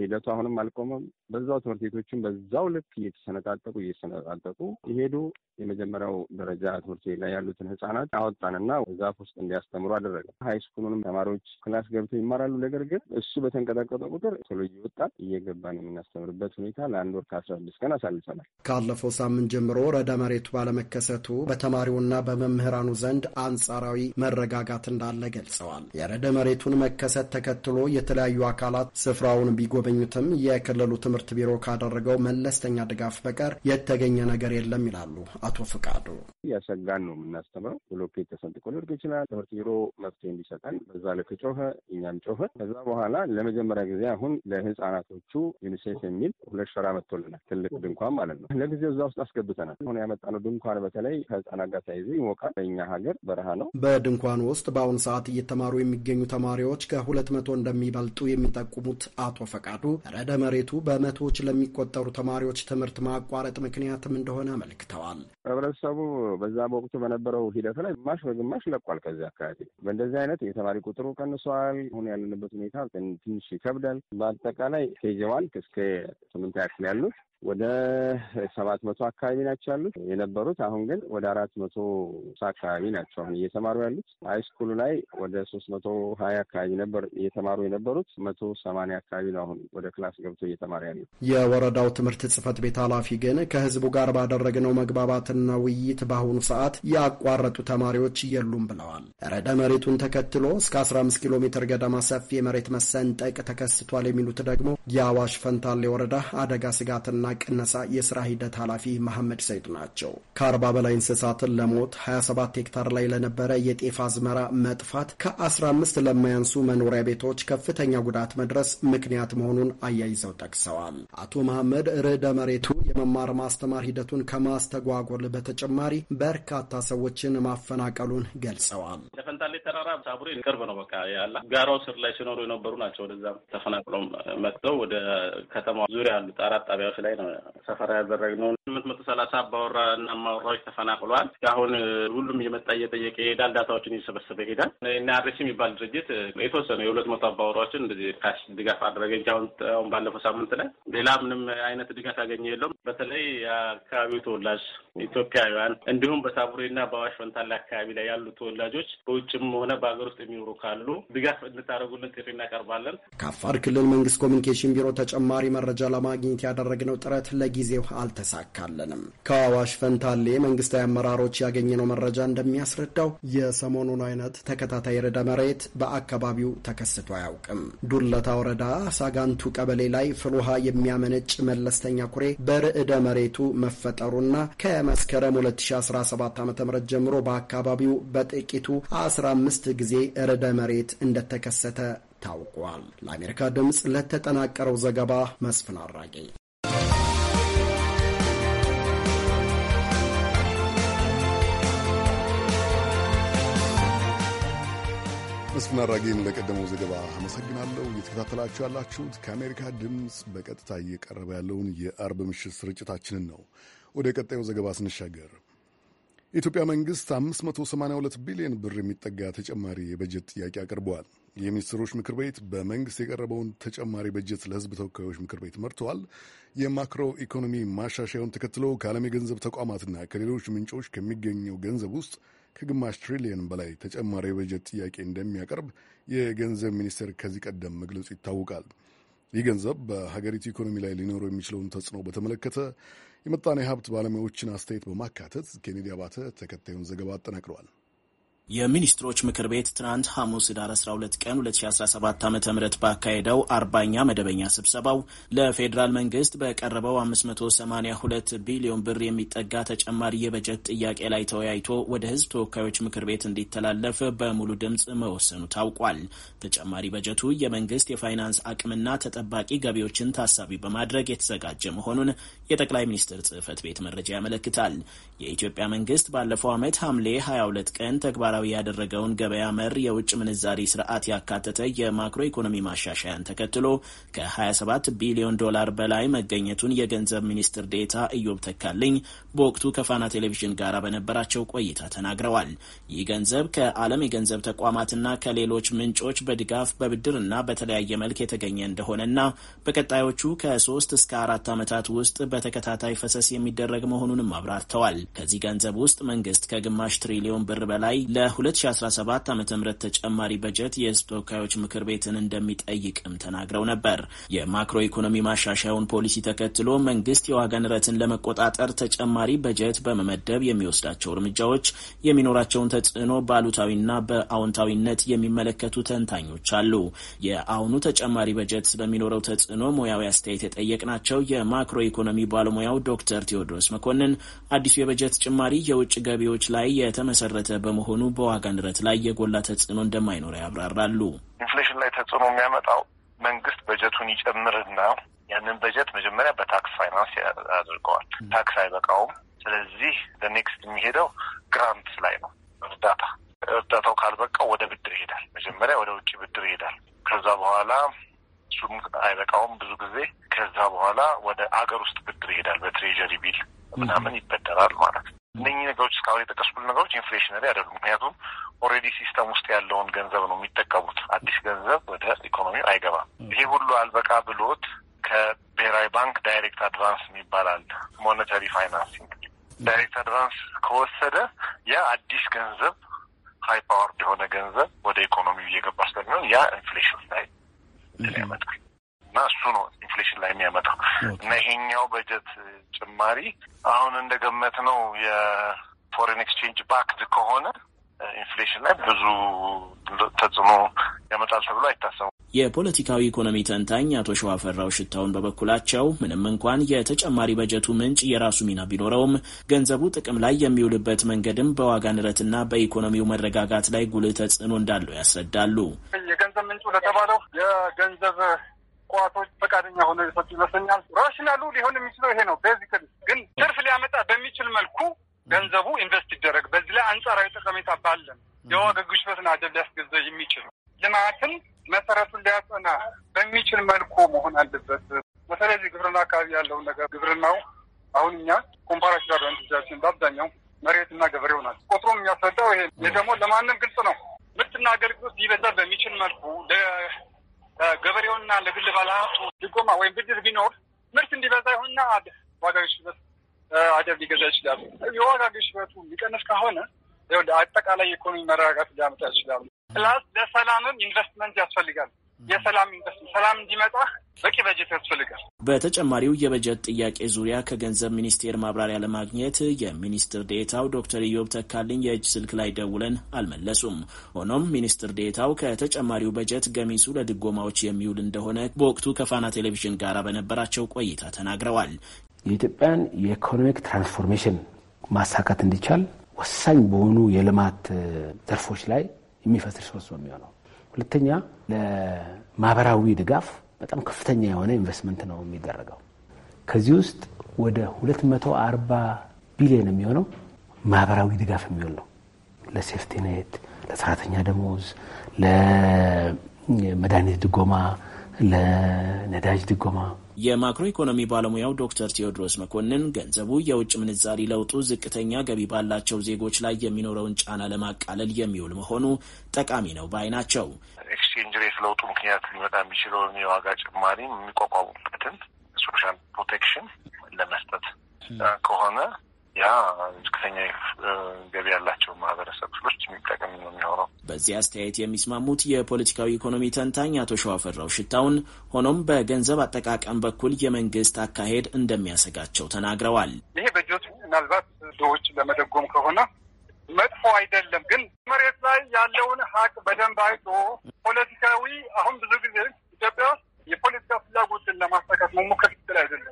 [SPEAKER 6] ሂደቱ አሁንም አልቆመም። በዛው ትምህርት ቤቶችም በዛው ልክ እየተሰነጣጠቁ እየተሰነጣጠቁ ይሄዱ። የመጀመሪያው ደረጃ ትምህርት ቤት ላይ ያሉትን ህጻናት አወጣንና ዛፍ ውስጥ እንዲያስተምሩ አደረገ። ሀይ ስኩሉንም ተማሪዎች ክላስ ገብተው ይማራሉ። ነገር ግን እሱ በተንቀጠቀጠ ቁጥር ቶሎ እየወጣን እየገባን የምናስተምርበት ሁኔታ ለአንድ ወር ከአስራ ስድስት ቀን አሳልፈናል።
[SPEAKER 9] ካለፈው ሳምንት ጀምሮ ረደ መሬቱ ባለመከሰቱ በተማሪውና በመምህራኑ ዘንድ አንጻራዊ መረጋጋት እንዳለ ገልጸዋል። የረደ መሬቱን መከሰት ተከትሎ የተለያዩ አካላት ስፍራውን ቢጎበኙትም የክልሉ ትምህርት ቢሮ ካደረገው መለስተኛ ድጋፍ በቀር የተገኘ ነገር የለም ይላሉ አቶ ፍቃዱ።
[SPEAKER 6] እያሰጋን ነው የምናስተምረው። ብሎኬት ተሰንጥቆ ሊወድቅ ይችላል። ትምህርት ቢሮ መፍትሄ እንዲሰጠን በዛ ልክ ጮኸ፣ እኛም ጮኸ። ከዛ በኋላ ለመጀመሪያ ጊዜ አሁን ለህፃናቶቹ ዩኒሴፍ የሚል ሁለት ሸራ መጥቶልናል። ትልቅ ድንኳን ማለት ነው። ለጊዜው እዛ ውስጥ አስገብተናል። አሁን ያመጣነው ድንኳን በተለይ ከህፃናት ጋር ተያይዞ ይሞቃል። በእኛ ሀገር በረሃ
[SPEAKER 9] ነው። በድንኳኑ ውስጥ በአሁኑ ሰዓት እየተማሩ የሚገኙ ተማሪዎች ከሁለት መቶ እንደሚበልጡ የሚጠቁሙት አቶ ፈቃዱ ረደ መሬቱ በመቶዎች ለሚቆጠሩ ተማሪዎች ትምህርት ማቋረጥ ምክንያትም እንደሆነ
[SPEAKER 6] አመልክተዋል። ህብረተሰቡ በዛ በወቅቱ በነበረው ሂደት ላይ ግማሽ በግማሽ ለቋል። ከዚህ አካባቢ በእንደዚህ አይነት የተማሪ ቁጥሩ ቀንሷል። አሁን ያለንበት ሁኔታ ትንሽ ይከብዳል። በአጠቃላይ ኬጂ ዋን እስከ ስምንት ያክል ያሉት ወደ ሰባት መቶ አካባቢ ናቸው ያሉት የነበሩት። አሁን ግን ወደ አራት መቶ አካባቢ ናቸው አሁን እየተማሩ ያሉት። ሃይስኩሉ ላይ ወደ ሶስት መቶ ሀያ አካባቢ ነበር እየተማሩ የነበሩት። መቶ ሰማንያ አካባቢ ነው አሁን ወደ ክላስ ገብቶ እየተማሩ ያሉት።
[SPEAKER 9] የወረዳው ትምህርት ጽህፈት ቤት ኃላፊ ግን ከህዝቡ ጋር ባደረግነው መግባባትና ውይይት በአሁኑ ሰዓት ያቋረጡ ተማሪዎች የሉም ብለዋል። ረደ መሬቱን ተከትሎ እስከ 15 ኪሎ ሜትር ገደማ ሰፊ የመሬት መሰንጠቅ ተከስቷል የሚሉት ደግሞ የአዋሽ ፈንታሌ ወረዳ አደጋ ስጋትና ቅነሳ የስራ ሂደት ኃላፊ መሐመድ ሰይድ ናቸው። ከአርባ በላይ እንስሳትን ለሞት 27 ሄክታር ላይ ለነበረ የጤፍ አዝመራ መጥፋት ከ15 ለማያንሱ መኖሪያ ቤቶች ከፍተኛ ጉዳት መድረስ ምክንያት መሆኑን አያይዘው ጠቅሰዋል። አቶ መሐመድ ርዕደ መሬቱ የመማር ማስተማር ሂደቱን ከማስተጓጎል በተጨማሪ በርካታ ሰዎችን ማፈናቀሉን
[SPEAKER 10] ገልጸዋል።
[SPEAKER 11] ለፈንታሌ ተራራ ሳቡሬ ቅርብ ነው። በቃ ያለ ጋራው ስር ላይ ሲኖሩ የነበሩ ናቸው። ወደዛም ተፈናቅለው መጥተው ወደ ከተማ ዙሪያ ያሉት አራት ጣቢያዎች ላይ ነው ሰፈራ ያደረግነውን ስምንት መቶ ሰላሳ አባወራ እና ማወራዎች ተፈናቅሏል። እስካሁን ሁሉም እየመጣ እየጠየቀ ይሄዳል። ዳታዎችን እየሰበሰበ ይሄዳል። እና አሬስ የሚባል ድርጅት የተወሰነ የሁለት መቶ አባወራዎችን እንደዚህ ካሽ ድጋፍ አደረገ እንጂ አሁን ባለፈው ሳምንት ላይ ሌላ ምንም አይነት ድጋፍ ያገኘ የለውም። በተለይ የአካባቢው ተወላጅ ኢትዮጵያውያን እንዲሁም በሳቡሬና በአዋሽ ፈንታሌ አካባቢ ላይ ያሉ ተወላጆች በውጭም ሆነ በሀገር ውስጥ የሚኖሩ ካሉ ድጋፍ እንድታደርጉልን ጥሪ እናቀርባለን።
[SPEAKER 9] ከአፋር ክልል መንግስት ኮሚኒኬሽን ቢሮ ተጨማሪ መረጃ ለማግኘት ያደረግነው ጥረት ለጊዜው አልተሳካም። አልተሳካለንም። ከአዋሽ ፈንታሌ መንግስታዊ አመራሮች ያገኘነው መረጃ እንደሚያስረዳው የሰሞኑን አይነት ተከታታይ ርዕደ መሬት በአካባቢው ተከስቶ አያውቅም። ዱለታ ወረዳ ሳጋንቱ ቀበሌ ላይ ፍል ውሃ የሚያመነጭ መለስተኛ ኩሬ በርዕደ መሬቱ መፈጠሩና ከመስከረም 2017 ዓ ም ጀምሮ በአካባቢው በጥቂቱ 15 ጊዜ ርዕደ መሬት እንደተከሰተ ታውቋል። ለአሜሪካ ድምፅ ለተጠናቀረው ዘገባ መስፍን አራጌ
[SPEAKER 1] መስፍን አድራጌን ለቀደመው ዘገባ አመሰግናለሁ። እየተከታተላችሁ ያላችሁት ከአሜሪካ ድምፅ በቀጥታ እየቀረበ ያለውን የአርብ ምሽት ስርጭታችንን ነው። ወደ ቀጣዩ ዘገባ ስንሻገር የኢትዮጵያ መንግሥት 582 ቢሊዮን ብር የሚጠጋ ተጨማሪ የበጀት ጥያቄ አቅርበዋል። የሚኒስትሮች ምክር ቤት በመንግሥት የቀረበውን ተጨማሪ በጀት ለሕዝብ ተወካዮች ምክር ቤት መርተዋል። የማክሮ ኢኮኖሚ ማሻሻያውን ተከትሎ ከዓለም የገንዘብ ተቋማትና ከሌሎች ምንጮች ከሚገኘው ገንዘብ ውስጥ ከግማሽ ትሪሊየን በላይ ተጨማሪ የበጀት ጥያቄ እንደሚያቀርብ የገንዘብ ሚኒስቴር ከዚህ ቀደም መግለጹ ይታወቃል። ይህ ገንዘብ በሀገሪቱ ኢኮኖሚ ላይ ሊኖረው የሚችለውን ተጽዕኖ በተመለከተ የምጣኔ ሀብት ባለሙያዎችን አስተያየት በማካተት ኬኔዲ አባተ ተከታዩን ዘገባ አጠናቅረዋል።
[SPEAKER 10] የሚኒስትሮች ምክር ቤት ትናንት ሐሙስ ህዳር 12 ቀን 2017 ዓ ም ባካሄደው አርባኛ መደበኛ ስብሰባው ለፌዴራል መንግስት በቀረበው 582 ቢሊዮን ብር የሚጠጋ ተጨማሪ የበጀት ጥያቄ ላይ ተወያይቶ ወደ ህዝብ ተወካዮች ምክር ቤት እንዲተላለፍ በሙሉ ድምፅ መወሰኑ ታውቋል። ተጨማሪ በጀቱ የመንግስት የፋይናንስ አቅምና ተጠባቂ ገቢዎችን ታሳቢ በማድረግ የተዘጋጀ መሆኑን የጠቅላይ ሚኒስትር ጽህፈት ቤት መረጃ ያመለክታል። የኢትዮጵያ መንግስት ባለፈው ዓመት ሐምሌ 22 ቀን ተግባራ ተግባራዊ ያደረገውን ገበያ መር የውጭ ምንዛሪ ስርዓት ያካተተ የማክሮ ኢኮኖሚ ማሻሻያን ተከትሎ ከ27 ቢሊዮን ዶላር በላይ መገኘቱን የገንዘብ ሚኒስትር ዴታ እዮብ ተካልኝ በወቅቱ ከፋና ቴሌቪዥን ጋር በነበራቸው ቆይታ ተናግረዋል። ይህ ገንዘብ ከዓለም የገንዘብ ተቋማትና ከሌሎች ምንጮች በድጋፍ በብድርና በተለያየ መልክ የተገኘ እንደሆነና በቀጣዮቹ ከሶስት እስከ አራት ዓመታት ውስጥ በተከታታይ ፈሰስ የሚደረግ መሆኑንም አብራርተዋል። ከዚህ ገንዘብ ውስጥ መንግስት ከግማሽ ትሪሊዮን ብር በላይ ለ 2017 ዓ ም ተጨማሪ በጀት የህዝብ ተወካዮች ምክር ቤትን እንደሚጠይቅም ተናግረው ነበር። የማክሮ ኢኮኖሚ ማሻሻያውን ፖሊሲ ተከትሎ መንግስት የዋጋ ንረትን ለመቆጣጠር ተጨማሪ በጀት በመመደብ የሚወስዳቸው እርምጃዎች የሚኖራቸውን ተጽዕኖ በአሉታዊና በአዎንታዊነት የሚመለከቱ ተንታኞች አሉ። የአሁኑ ተጨማሪ በጀት በሚኖረው ተጽዕኖ ሙያዊ አስተያየት የጠየቅናቸው የማክሮ ኢኮኖሚ ባለሙያው ዶክተር ቴዎድሮስ መኮንን አዲሱ የበጀት ጭማሪ የውጭ ገቢዎች ላይ የተመሰረተ በመሆኑ በዋጋ ንረት ላይ የጎላ ተጽዕኖ እንደማይኖረው ያብራራሉ።
[SPEAKER 12] ኢንፍሌሽን ላይ ተጽዕኖ የሚያመጣው መንግስት በጀቱን ይጨምርና ያንን በጀት መጀመሪያ በታክስ ፋይናንስ አድርገዋል። ታክስ አይበቃውም። ስለዚህ ለኔክስት የሚሄደው ግራንት ላይ ነው፣ እርዳታ እርዳታው ካልበቃው ወደ ብድር ይሄዳል። መጀመሪያ ወደ ውጭ ብድር ይሄዳል። ከዛ በኋላ እሱም አይበቃውም ብዙ ጊዜ። ከዛ በኋላ ወደ አገር ውስጥ ብድር ይሄዳል። በትሬጀሪ ቢል ምናምን ይበደራል ማለት ነው። እነኚህ ነገሮች እስካሁን የጠቀስኩል ነገሮች ኢንፍሌሽነሪ አይደሉም። ምክንያቱም ኦልሬዲ ሲስተም ውስጥ ያለውን ገንዘብ ነው የሚጠቀሙት። አዲስ ገንዘብ ወደ ኢኮኖሚው አይገባም። ይሄ ሁሉ አልበቃ ብሎት ከብሔራዊ ባንክ ዳይሬክት አድቫንስ የሚባላል ሞኔታሪ ፋይናንሲንግ ዳይሬክት አድቫንስ ከወሰደ ያ አዲስ ገንዘብ ሀይ ፓወር የሆነ ገንዘብ ወደ ኢኮኖሚው እየገባ ስለሚሆን ያ ኢንፍሌሽን ላይ ያመጣል። እና እሱ ነው ኢንፍሌሽን ላይ የሚያመጣው እና ይሄኛው በጀት ጭማሪ አሁን እንደገመት ነው የፎሬን ኤክስቼንጅ ባክድ ከሆነ ኢንፍሌሽን ላይ ብዙ ተጽዕኖ ያመጣል ተብሎ አይታሰቡ።
[SPEAKER 10] የፖለቲካዊ ኢኮኖሚ ተንታኝ አቶ ሸዋፈራው ሽታውን በበኩላቸው ምንም እንኳን የተጨማሪ በጀቱ ምንጭ የራሱ ሚና ቢኖረውም ገንዘቡ ጥቅም ላይ የሚውልበት መንገድም በዋጋ ንረትና በኢኮኖሚው መረጋጋት ላይ ጉልህ ተጽዕኖ እንዳለው ያስረዳሉ። የገንዘብ
[SPEAKER 12] ምንጩ ለተባለው የገንዘብ
[SPEAKER 13] ቋቶች ፈቃደኛ ሆነ የሰጡ ይመስለኛል። ራሽናሉ ሊሆን የሚችለው ይሄ ነው። ቤዚክል ግን ትርፍ ሊያመጣ በሚችል መልኩ ገንዘቡ ኢንቨስት ይደረግ። በዚህ ላይ አንጻራዊ ጠቀሜታ ባለን የዋጋ ግሽበትን አደብ ሊያስገዛ የሚችል ልማትን መሰረቱን ሊያጸና በሚችል መልኩ መሆን አለበት። በተለይ ግብርና አካባቢ ያለውን ነገር ግብርናው አሁን እኛ ኮምፓራሽ ጋር በአብዛኛው መሬትና ገበሬው ናት። ቁጥሩም የሚያስረዳው ይሄ ደግሞ ለማንም ግልጽ ነው። ምርትና አገልግሎት ሊበዛ በሚችል መልኩ ለገበሬውና ለግል ባለሀብቱ ድጎማ ወይም ብድር ቢኖር ምርት እንዲበዛ ይሆንና ዋጋ ግሽበት አደር ሊገዛ ይችላሉ። የዋጋ ግሽበቱ ሊቀንስ ከሆነ አጠቃላይ የኢኮኖሚ መረጋጋት ሊያመጣ ይችላሉ። ፕላስ ለሰላምም ኢንቨስትመንት ያስፈልጋል። የሰላም ኢንቨስትመንት ሰላም እንዲመጣ በቂ በጀት
[SPEAKER 10] ያስፈልጋል። በተጨማሪው የበጀት ጥያቄ ዙሪያ ከገንዘብ ሚኒስቴር ማብራሪያ ለማግኘት የሚኒስትር ዴታው ዶክተር ኢዮብ ተካልኝ የእጅ ስልክ ላይ ደውለን አልመለሱም። ሆኖም ሚኒስትር ዴታው ከተጨማሪው በጀት ገሚሱ ለድጎማዎች የሚውል እንደሆነ በወቅቱ ከፋና ቴሌቪዥን ጋር በነበራቸው ቆይታ ተናግረዋል። የኢትዮጵያን የኢኮኖሚክ ትራንስፎርሜሽን ማሳካት እንዲቻል ወሳኝ በሆኑ የልማት ዘርፎች ላይ የሚፈስር ሶስት ነው የሚሆነው ሁለተኛ ለማህበራዊ ድጋፍ በጣም ከፍተኛ የሆነ ኢንቨስትመንት ነው የሚደረገው። ከዚህ ውስጥ ወደ 240 ቢሊዮን የሚሆነው ማህበራዊ ድጋፍ የሚውል ነው ለሴፍቲኔት፣
[SPEAKER 5] ለሰራተኛ ደሞዝ፣ ለመድኃኒት ድጎማ፣ ለነዳጅ ድጎማ
[SPEAKER 10] የማክሮ ኢኮኖሚ ባለሙያው ዶክተር ቴዎድሮስ መኮንን ገንዘቡ የውጭ ምንዛሪ ለውጡ ዝቅተኛ ገቢ ባላቸው ዜጎች ላይ የሚኖረውን ጫና ለማቃለል የሚውል መሆኑ ጠቃሚ ነው ባይ ናቸው።
[SPEAKER 12] ኤክስቼንጅ ሬት ለውጡ ምክንያት ሊመጣ የሚችለውን የዋጋ ጭማሪ የሚቋቋሙበትን ሶሻል ፕሮቴክሽን ለመስጠት ከሆነ ያ ዝቅተኛ ገቢ ያላቸው ማህበረሰብ ክፍሎች የሚጠቀም ነው የሚሆነው።
[SPEAKER 10] በዚህ አስተያየት የሚስማሙት የፖለቲካዊ ኢኮኖሚ ተንታኝ አቶ ሸዋፈራው ሽታውን፣ ሆኖም በገንዘብ አጠቃቀም በኩል የመንግስት አካሄድ እንደሚያሰጋቸው ተናግረዋል።
[SPEAKER 13] ይሄ በጆት ምናልባት ድሆች ለመደጎም ከሆነ መጥፎ አይደለም፣ ግን መሬት ላይ ያለውን ሀቅ በደንብ አይቶ ፖለቲካዊ አሁን ብዙ ጊዜ ኢትዮጵያ ውስጥ የፖለቲካ ፍላጎትን ለማሳካት መሞከር ትል አይደለም።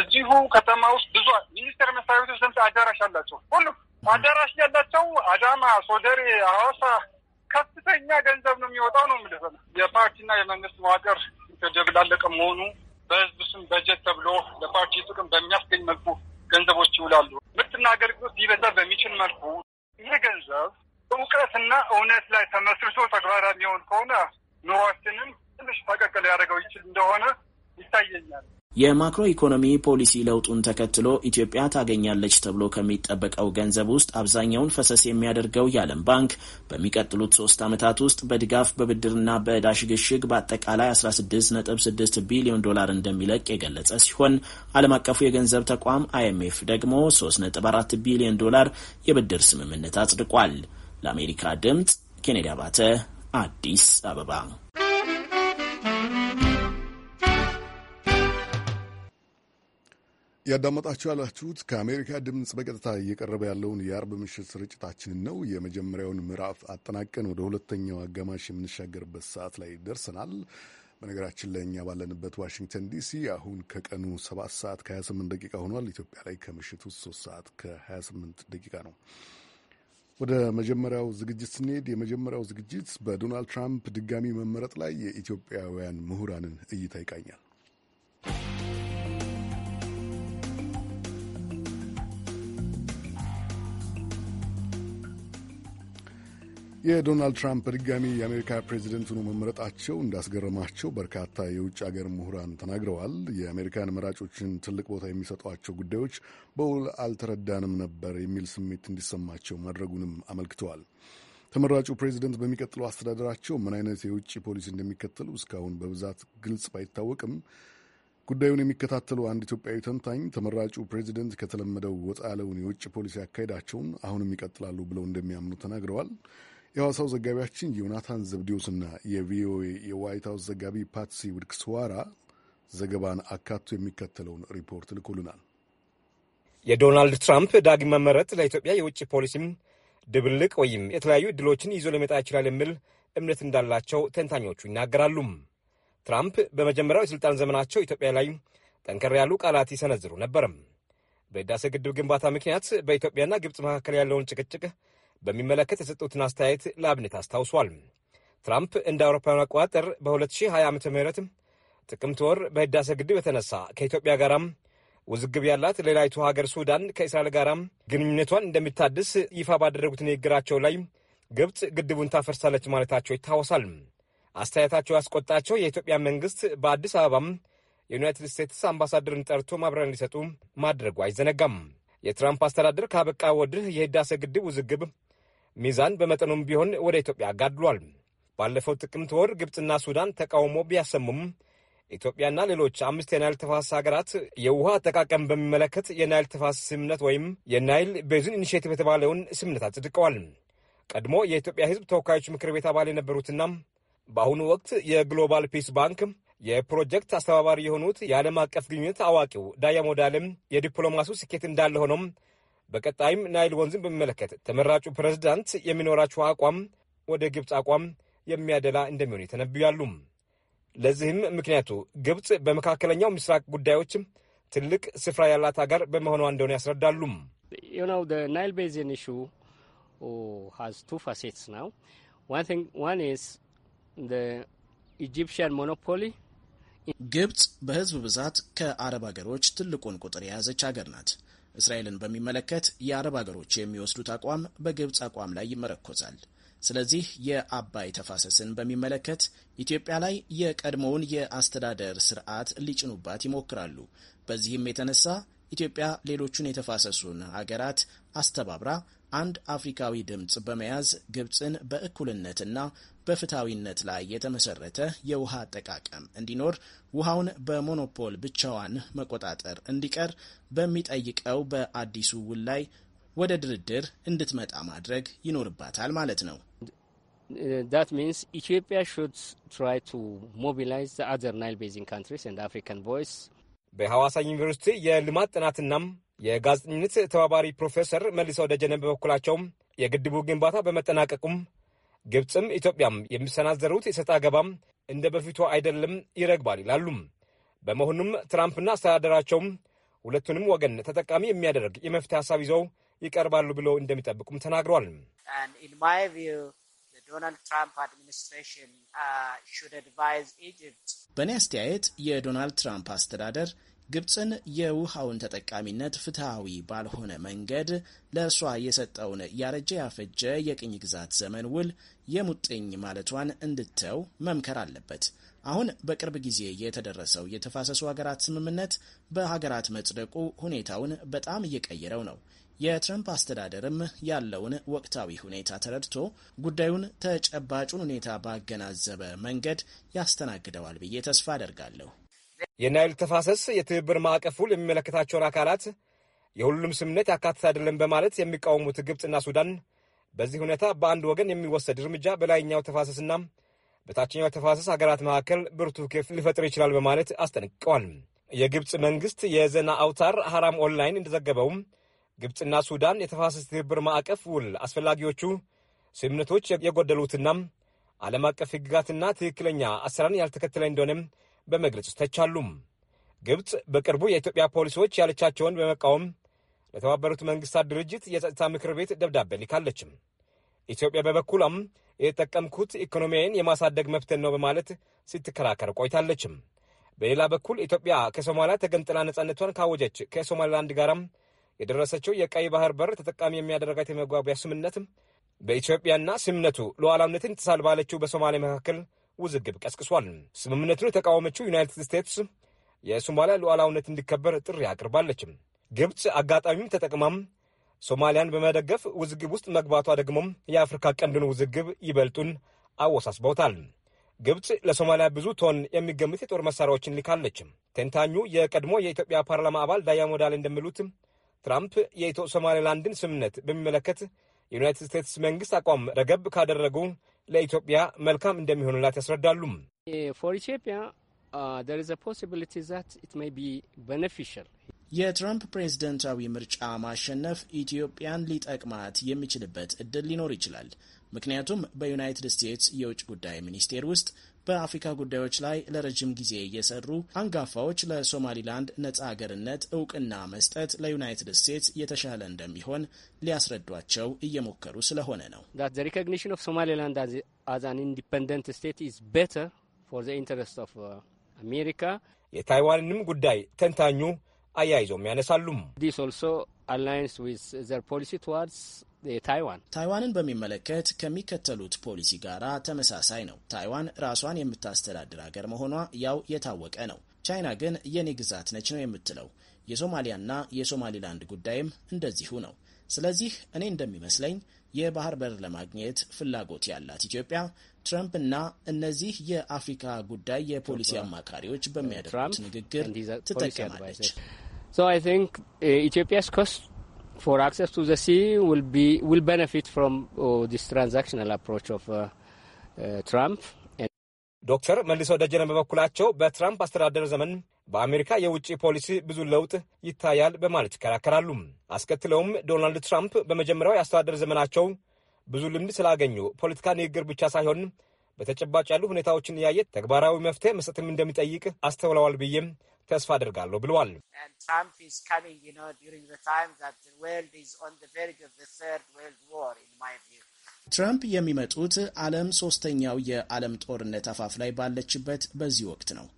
[SPEAKER 13] እዚሁ ከተማ ውስጥ ብዙ ሚኒስቴር መስሪያ ቤቶች አዳራሽ አላቸው። ሁሉ አዳራሽ ያላቸው አዳማ፣ ሶደሬ፣ አዋሳ ከፍተኛ ገንዘብ ነው የሚወጣው ነው የምልህ። የፓርቲና የመንግስት መዋቅር የተደበላለቀ መሆኑ በህዝብ ስም በጀት ተብሎ ለፓርቲ ጥቅም በሚያስገኝ መልኩ ገንዘቦች ይውላሉ። ምርትና አገልግሎት ሊበዛ በሚችል መልኩ ይህ ገንዘብ እውቀትና እውነት ላይ ተመስርቶ ተግባራዊ የሚሆን ከሆነ ኑሯችንም ትንሽ ፈቀቅ ሊያደርገው ይችል እንደሆነ
[SPEAKER 10] ይታየኛል። የማክሮ ኢኮኖሚ ፖሊሲ ለውጡን ተከትሎ ኢትዮጵያ ታገኛለች ተብሎ ከሚጠበቀው ገንዘብ ውስጥ አብዛኛውን ፈሰስ የሚያደርገው የዓለም ባንክ በሚቀጥሉት ሶስት ዓመታት ውስጥ በድጋፍ በብድርና በዕዳ ሽግሽግ በአጠቃላይ 166 ቢሊዮን ዶላር እንደሚለቅ የገለጸ ሲሆን ዓለም አቀፉ የገንዘብ ተቋም አይኤምኤፍ ደግሞ 34 ቢሊዮን ዶላር የብድር ስምምነት አጽድቋል። ለአሜሪካ ድምፅ ኬኔዲ አባተ አዲስ አበባ
[SPEAKER 1] ያዳመጣችሁ ያላችሁት ከአሜሪካ ድምፅ በቀጥታ እየቀረበ ያለውን የአርብ ምሽት ስርጭታችንን ነው። የመጀመሪያውን ምዕራፍ አጠናቀን ወደ ሁለተኛው አጋማሽ የምንሻገርበት ሰዓት ላይ ደርሰናል። በነገራችን ላይ እኛ ባለንበት ዋሽንግተን ዲሲ አሁን ከቀኑ 7 ሰዓት ከ28 ደቂቃ ሆኗል። ኢትዮጵያ ላይ ከምሽቱ 3 ሰዓት ከ28 ደቂቃ ነው። ወደ መጀመሪያው ዝግጅት ስንሄድ የመጀመሪያው ዝግጅት በዶናልድ ትራምፕ ድጋሚ መመረጥ ላይ የኢትዮጵያውያን ምሁራንን እይታ ይቃኛል። የዶናልድ ትራምፕ በድጋሚ የአሜሪካ ፕሬዚደንት ሆኖ መምረጣቸው እንዳስገረማቸው በርካታ የውጭ ሀገር ምሁራን ተናግረዋል። የአሜሪካን መራጮችን ትልቅ ቦታ የሚሰጧቸው ጉዳዮች በውል አልተረዳንም ነበር የሚል ስሜት እንዲሰማቸው ማድረጉንም አመልክተዋል። ተመራጩ ፕሬዚደንት በሚቀጥለው አስተዳደራቸው ምን አይነት የውጭ ፖሊሲ እንደሚከተሉ እስካሁን በብዛት ግልጽ ባይታወቅም ጉዳዩን የሚከታተሉ አንድ ኢትዮጵያዊ ተንታኝ ተመራጩ ፕሬዚደንት ከተለመደው ወጣ ያለውን የውጭ ፖሊሲ አካሄዳቸውን አሁንም ይቀጥላሉ ብለው እንደሚያምኑ ተናግረዋል። የሐዋሳው ዘጋቢያችን ዮናታን ዘብዲዮስና የቪኦኤ የዋይት ሀውስ ዘጋቢ ፓትሲ ውድክስዋራ ዘገባን አካቶ የሚከተለውን ሪፖርት ልኮልናል።
[SPEAKER 4] የዶናልድ ትራምፕ ዳግም መመረጥ ለኢትዮጵያ የውጭ ፖሊሲም ድብልቅ ወይም የተለያዩ እድሎችን ይዞ ሊመጣ ይችላል የሚል እምነት እንዳላቸው ተንታኞቹ ይናገራሉ። ትራምፕ በመጀመሪያው የሥልጣን ዘመናቸው ኢትዮጵያ ላይ ጠንከር ያሉ ቃላት ይሰነዝሩ ነበርም። በህዳሴ ግድብ ግንባታ ምክንያት በኢትዮጵያና ግብፅ መካከል ያለውን ጭቅጭቅ በሚመለከት የሰጡትን አስተያየት ለአብነት አስታውሷል። ትራምፕ እንደ አውሮፓውያን አቆጣጠር በ2020 ዓ ም ጥቅምት ወር በህዳሴ ግድብ የተነሳ ከኢትዮጵያ ጋራም ውዝግብ ያላት ሌላይቱ ሀገር ሱዳን ከእስራኤል ጋራም ግንኙነቷን እንደሚታድስ ይፋ ባደረጉት ንግግራቸው ላይ ግብፅ ግድቡን ታፈርሳለች ማለታቸው ይታወሳል። አስተያየታቸው ያስቆጣቸው የኢትዮጵያ መንግስት በአዲስ አበባም የዩናይትድ ስቴትስ አምባሳደርን ጠርቶ ማብራሪያ እንዲሰጡ ማድረጉ አይዘነጋም። የትራምፕ አስተዳደር ካበቃ ወዲህ የህዳሴ ግድብ ውዝግብ ሚዛን በመጠኑም ቢሆን ወደ ኢትዮጵያ አጋድሏል። ባለፈው ጥቅምት ወር ግብፅና ሱዳን ተቃውሞ ቢያሰሙም ኢትዮጵያና ሌሎች አምስት የናይል ተፋሰስ ሀገራት የውሃ አጠቃቀም በሚመለከት የናይል ተፋሰስ ስምምነት ወይም የናይል ቤዝን ኢኒሽቲቭ የተባለውን ስምምነት አጽድቀዋል። ቀድሞ የኢትዮጵያ ሕዝብ ተወካዮች ምክር ቤት አባል የነበሩትና በአሁኑ ወቅት የግሎባል ፒስ ባንክ የፕሮጀክት አስተባባሪ የሆኑት የዓለም አቀፍ ግንኙነት አዋቂው ዳያሞዳልም የዲፕሎማሲው ስኬት እንዳለ ሆኖም በቀጣይም ናይል ወንዝን በሚመለከት ተመራጩ ፕሬዝዳንት የሚኖራቸው አቋም ወደ ግብፅ አቋም የሚያደላ እንደሚሆን ይተነብያሉ። ለዚህም ምክንያቱ ግብፅ በመካከለኛው ምስራቅ ጉዳዮች ትልቅ ስፍራ ያላት ሀገር በመሆኗ እንደሆነ ያስረዳሉ።
[SPEAKER 5] ናይል ቤዚን ኢሹ ሃዝ ቱ ፋሴትስ ናው
[SPEAKER 10] ዋን ኢዝ ኢጂፕሽያን ሞኖፖሊ ግብፅ በህዝብ ብዛት ከአረብ ሀገሮች ትልቁን ቁጥር የያዘች ሀገር ናት። እስራኤልን በሚመለከት የአረብ አገሮች የሚወስዱት አቋም በግብፅ አቋም ላይ ይመረኮዛል። ስለዚህ የአባይ ተፋሰስን በሚመለከት ኢትዮጵያ ላይ የቀድሞውን የአስተዳደር ስርዓት ሊጭኑባት ይሞክራሉ። በዚህም የተነሳ ኢትዮጵያ ሌሎቹን የተፋሰሱን ሀገራት አስተባብራ አንድ አፍሪካዊ ድምፅ በመያዝ ግብፅን በእኩልነትና በፍትሐዊነት ላይ የተመሰረተ የውሃ አጠቃቀም እንዲኖር ውሃውን በሞኖፖል ብቻዋን መቆጣጠር እንዲቀር በሚጠይቀው በአዲሱ ውል ላይ ወደ ድርድር እንድትመጣ ማድረግ ይኖርባታል ማለት ነው። ዳት ሚንስ ኢትዮጵያ ሹድ ትራይ ቱ ሞቢላይዝ ዘ አዘር ናይል ቤዚን
[SPEAKER 4] ካንትሪስ ኤንድ አፍሪካን ቮይስ በሐዋሳ ዩኒቨርሲቲ የልማት ጥናትናም የጋዜጠኝነት ተባባሪ ፕሮፌሰር መልሰው ደጀነ በበኩላቸውም የግድቡ ግንባታ በመጠናቀቁም ግብፅም ኢትዮጵያም የሚሰናዘሩት የሰጥ አገባም እንደ በፊቱ አይደለም፣ ይረግባል ይላሉ። በመሆኑም ትራምፕና አስተዳደራቸውም ሁለቱንም ወገን ተጠቃሚ የሚያደርግ የመፍትሄ ሀሳብ ይዘው ይቀርባሉ ብለው እንደሚጠብቁም ተናግሯል። uh, በእኔ አስተያየት
[SPEAKER 10] የዶናልድ ትራምፕ አስተዳደር ግብፅን የውሃውን ተጠቃሚነት ፍትሐዊ ባልሆነ መንገድ ለእርሷ የሰጠውን ያረጀ ያፈጀ የቅኝ ግዛት ዘመን ውል የሙጥኝ ማለቷን እንድተው መምከር አለበት። አሁን በቅርብ ጊዜ የተደረሰው የተፋሰሱ ሀገራት ስምምነት በሀገራት መጽደቁ ሁኔታውን በጣም እየቀየረው ነው። የትረምፕ አስተዳደርም ያለውን ወቅታዊ ሁኔታ ተረድቶ ጉዳዩን ተጨባጩን ሁኔታ ባገናዘበ መንገድ ያስተናግደዋል ብዬ ተስፋ አደርጋለሁ።
[SPEAKER 4] የናይል ተፋሰስ የትብብር ማዕቀፉ የሚመለከታቸውን አካላት የሁሉም ስምምነት ያካትት አይደለም በማለት የሚቃወሙት ግብፅና ሱዳን በዚህ ሁኔታ በአንድ ወገን የሚወሰድ እርምጃ በላይኛው ተፋሰስና በታችኛው ተፋሰስ ሀገራት መካከል ብርቱ ክፍ ሊፈጥር ይችላል በማለት አስጠንቅቀዋል። የግብፅ መንግስት የዜና አውታር ሐራም ኦንላይን እንደዘገበውም ግብፅና ሱዳን የተፋሰስ ትብብር ማዕቀፍ ውል አስፈላጊዎቹ ስምምነቶች የጎደሉትና ዓለም አቀፍ ሕግጋትና ትክክለኛ አሰራርን ያልተከተለ እንደሆነም በመግለጽ ተቻሉም። ግብፅ በቅርቡ የኢትዮጵያ ፖሊሶች ያለቻቸውን በመቃወም ለተባበሩት መንግስታት ድርጅት የጸጥታ ምክር ቤት ደብዳቤ ልካለችም። ኢትዮጵያ በበኩሏም የተጠቀምኩት ኢኮኖሚያዊን የማሳደግ መብትን ነው በማለት ስትከራከር ቆይታለችም። በሌላ በኩል ኢትዮጵያ ከሶማሊያ ተገንጥላ ነጻነቷን ካወጀች ከሶማሊላንድ ጋራም የደረሰችው የቀይ ባህር በር ተጠቃሚ የሚያደረጋት የመግባቢያ ስምነት በኢትዮጵያና ስምነቱ ሉዓላዊነትን ጥሳል ባለችው በሶማሌ መካከል ውዝግብ ቀስቅሷል። ስምምነቱን የተቃወመችው ዩናይትድ ስቴትስ የሶማሊያ ሉዓላውነት እንዲከበር ጥሪ አቅርባለች። ግብፅ አጋጣሚም ተጠቅማም ሶማሊያን በመደገፍ ውዝግብ ውስጥ መግባቷ ደግሞም የአፍሪካ ቀንድን ውዝግብ ይበልጡን አወሳስበውታል። ግብፅ ለሶማሊያ ብዙ ቶን የሚገምት የጦር መሳሪያዎችን ልካለች። ተንታኙ የቀድሞ የኢትዮጵያ ፓርላማ አባል ዳያሞዳል እንደሚሉት ትራምፕ የኢትዮ ሶማሌላንድን ስምምነት በሚመለከት የዩናይትድ ስቴትስ መንግስት አቋም ረገብ ካደረጉ ለኢትዮጵያ መልካም እንደሚሆንላት ያስረዳሉ።
[SPEAKER 5] ፎር ኢትዮጵያ uh,
[SPEAKER 10] የትራምፕ ፕሬዝደንታዊ ምርጫ ማሸነፍ ኢትዮጵያን ሊጠቅማት የሚችልበት እድል ሊኖር ይችላል። ምክንያቱም በዩናይትድ ስቴትስ የውጭ ጉዳይ ሚኒስቴር ውስጥ በአፍሪካ ጉዳዮች ላይ ለረጅም ጊዜ የሰሩ አንጋፋዎች ለሶማሊላንድ ነጻ አገርነት እውቅና መስጠት ለዩናይትድ ስቴትስ የተሻለ እንደሚሆን ሊያስረዷቸው እየሞከሩ ስለሆነ ነው። ሪኮግኒሽን ኦፍ ሶማሊላንድ
[SPEAKER 5] አዝ አን ኢንዲፐንደንት ስቴት ኢዝ ቤተር ፎር ዘ ኢንተረስት ኦፍ አሜሪካ።
[SPEAKER 4] የታይዋንንም ጉዳይ ተንታኙ አያይዘውም ያነሳሉም ዲስ ኦልሶ አላይንስ ዊዝ ዘር ፖሊሲ ትዋርድስ የታይዋን ታይዋንን በሚመለከት ከሚከተሉት
[SPEAKER 10] ፖሊሲ ጋራ ተመሳሳይ ነው። ታይዋን ራሷን የምታስተዳድር ሀገር መሆኗ ያው የታወቀ ነው። ቻይና ግን የኔ ግዛት ነች ነው የምትለው። የሶማሊያና የሶማሊላንድ ጉዳይም እንደዚሁ ነው። ስለዚህ እኔ እንደሚመስለኝ የባህር በር ለማግኘት ፍላጎት ያላት ኢትዮጵያ ትራምፕ እና እነዚህ የአፍሪካ ጉዳይ የፖሊሲ አማካሪዎች በሚያደርጉት ንግግር ትጠቀማለች። ኢትዮጵያ
[SPEAKER 5] for access to the sea will be will benefit from oh, this transactional approach of
[SPEAKER 4] uh, uh, Trump. ዶክተር መልሶ ደጀነ በበኩላቸው በትራምፕ አስተዳደር ዘመን በአሜሪካ የውጭ ፖሊሲ ብዙ ለውጥ ይታያል በማለት ይከራከራሉ። አስከትለውም ዶናልድ ትራምፕ በመጀመሪያው የአስተዳደር ዘመናቸው ብዙ ልምድ ስላገኙ ፖለቲካ ንግግር ብቻ ሳይሆን በተጨባጭ ያሉ ሁኔታዎችን እያየ ተግባራዊ መፍትሄ መስጠትም እንደሚጠይቅ አስተውለዋል ብዬም ተስፋ አድርጋለሁ ብለዋል። ትራምፕ የሚመጡት
[SPEAKER 10] ዓለም ሶስተኛው የዓለም ጦርነት አፋፍ ላይ ባለችበት በዚህ ወቅት ነው።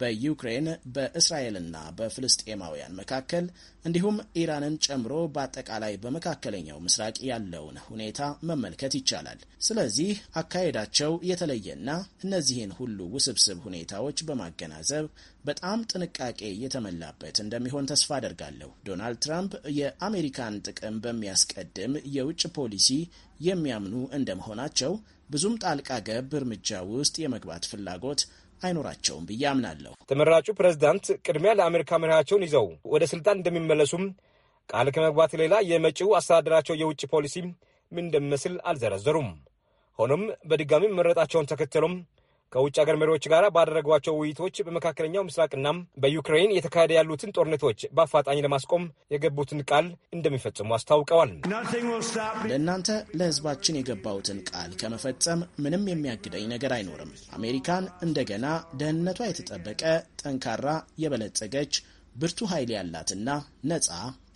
[SPEAKER 10] በዩክሬን በእስራኤልና በፍልስጤማውያን መካከል እንዲሁም ኢራንን ጨምሮ በአጠቃላይ በመካከለኛው ምስራቅ ያለውን ሁኔታ መመልከት ይቻላል። ስለዚህ አካሄዳቸው የተለየና እነዚህን ሁሉ ውስብስብ ሁኔታዎች በማገናዘብ በጣም ጥንቃቄ የተሞላበት እንደሚሆን ተስፋ አደርጋለሁ። ዶናልድ ትራምፕ የአሜሪካን ጥቅም በሚያስቀድም የውጭ ፖሊሲ የሚያምኑ እንደመሆናቸው
[SPEAKER 4] ብዙም ጣልቃ ገብ እርምጃ ውስጥ የመግባት ፍላጎት አይኖራቸውም ብዬ አምናለሁ። ተመራጩ ፕሬዝዳንት ቅድሚያ ለአሜሪካ መሪያቸውን ይዘው ወደ ስልጣን እንደሚመለሱም ቃል ከመግባት ሌላ የመጪው አስተዳደራቸው የውጭ ፖሊሲ ምን እንደሚመስል አልዘረዘሩም። ሆኖም በድጋሚ መረጣቸውን ተከትሎም ከውጭ ሀገር መሪዎች ጋር ባደረጓቸው ውይይቶች በመካከለኛው ምስራቅና በዩክሬን የተካሄደ ያሉትን ጦርነቶች በአፋጣኝ ለማስቆም የገቡትን ቃል እንደሚፈጽሙ አስታውቀዋል።
[SPEAKER 10] ለእናንተ ለህዝባችን የገባሁትን ቃል ከመፈጸም ምንም የሚያግደኝ ነገር አይኖርም። አሜሪካን እንደገና ደህንነቷ የተጠበቀ ጠንካራ፣ የበለጸገች ብርቱ ኃይል ያላትና ነጻ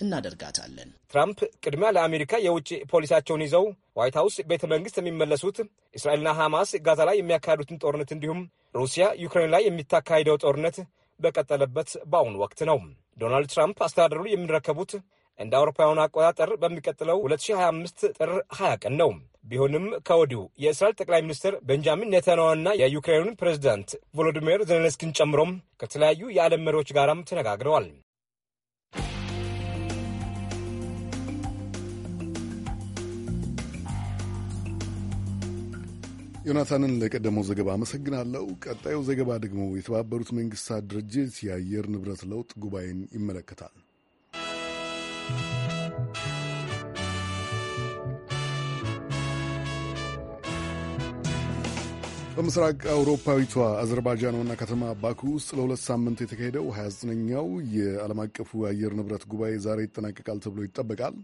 [SPEAKER 10] እናደርጋታለን።
[SPEAKER 4] ትራምፕ ቅድሚያ ለአሜሪካ የውጭ ፖሊሳቸውን ይዘው ዋይት ሀውስ ቤተ መንግስት የሚመለሱት እስራኤልና ሐማስ ጋዛ ላይ የሚያካሄዱትን ጦርነት እንዲሁም ሩሲያ ዩክሬን ላይ የሚታካሂደው ጦርነት በቀጠለበት በአሁኑ ወቅት ነው። ዶናልድ ትራምፕ አስተዳደሩ የሚረከቡት እንደ አውሮፓውያኑ አቆጣጠር በሚቀጥለው 2025 ጥር 20 ቀን ነው። ቢሆንም ከወዲሁ የእስራኤል ጠቅላይ ሚኒስትር ቤንጃሚን ኔታንያሁና የዩክሬኑን ፕሬዚዳንት ቮሎዲሚር ዜሌንስኪን ጨምሮም ከተለያዩ የዓለም መሪዎች ጋርም ተነጋግረዋል።
[SPEAKER 1] ዮናታንን ለቀደመው ዘገባ አመሰግናለሁ። ቀጣዩ ዘገባ ደግሞ የተባበሩት መንግስታት ድርጅት የአየር ንብረት ለውጥ ጉባኤን ይመለከታል። በምስራቅ አውሮፓዊቷ አዘርባጃን ዋና ከተማ ባኩ ውስጥ ለሁለት ሳምንት የተካሄደው 29ኛው የዓለም አቀፉ የአየር ንብረት ጉባኤ ዛሬ ይጠናቀቃል ተብሎ ይጠበቃል።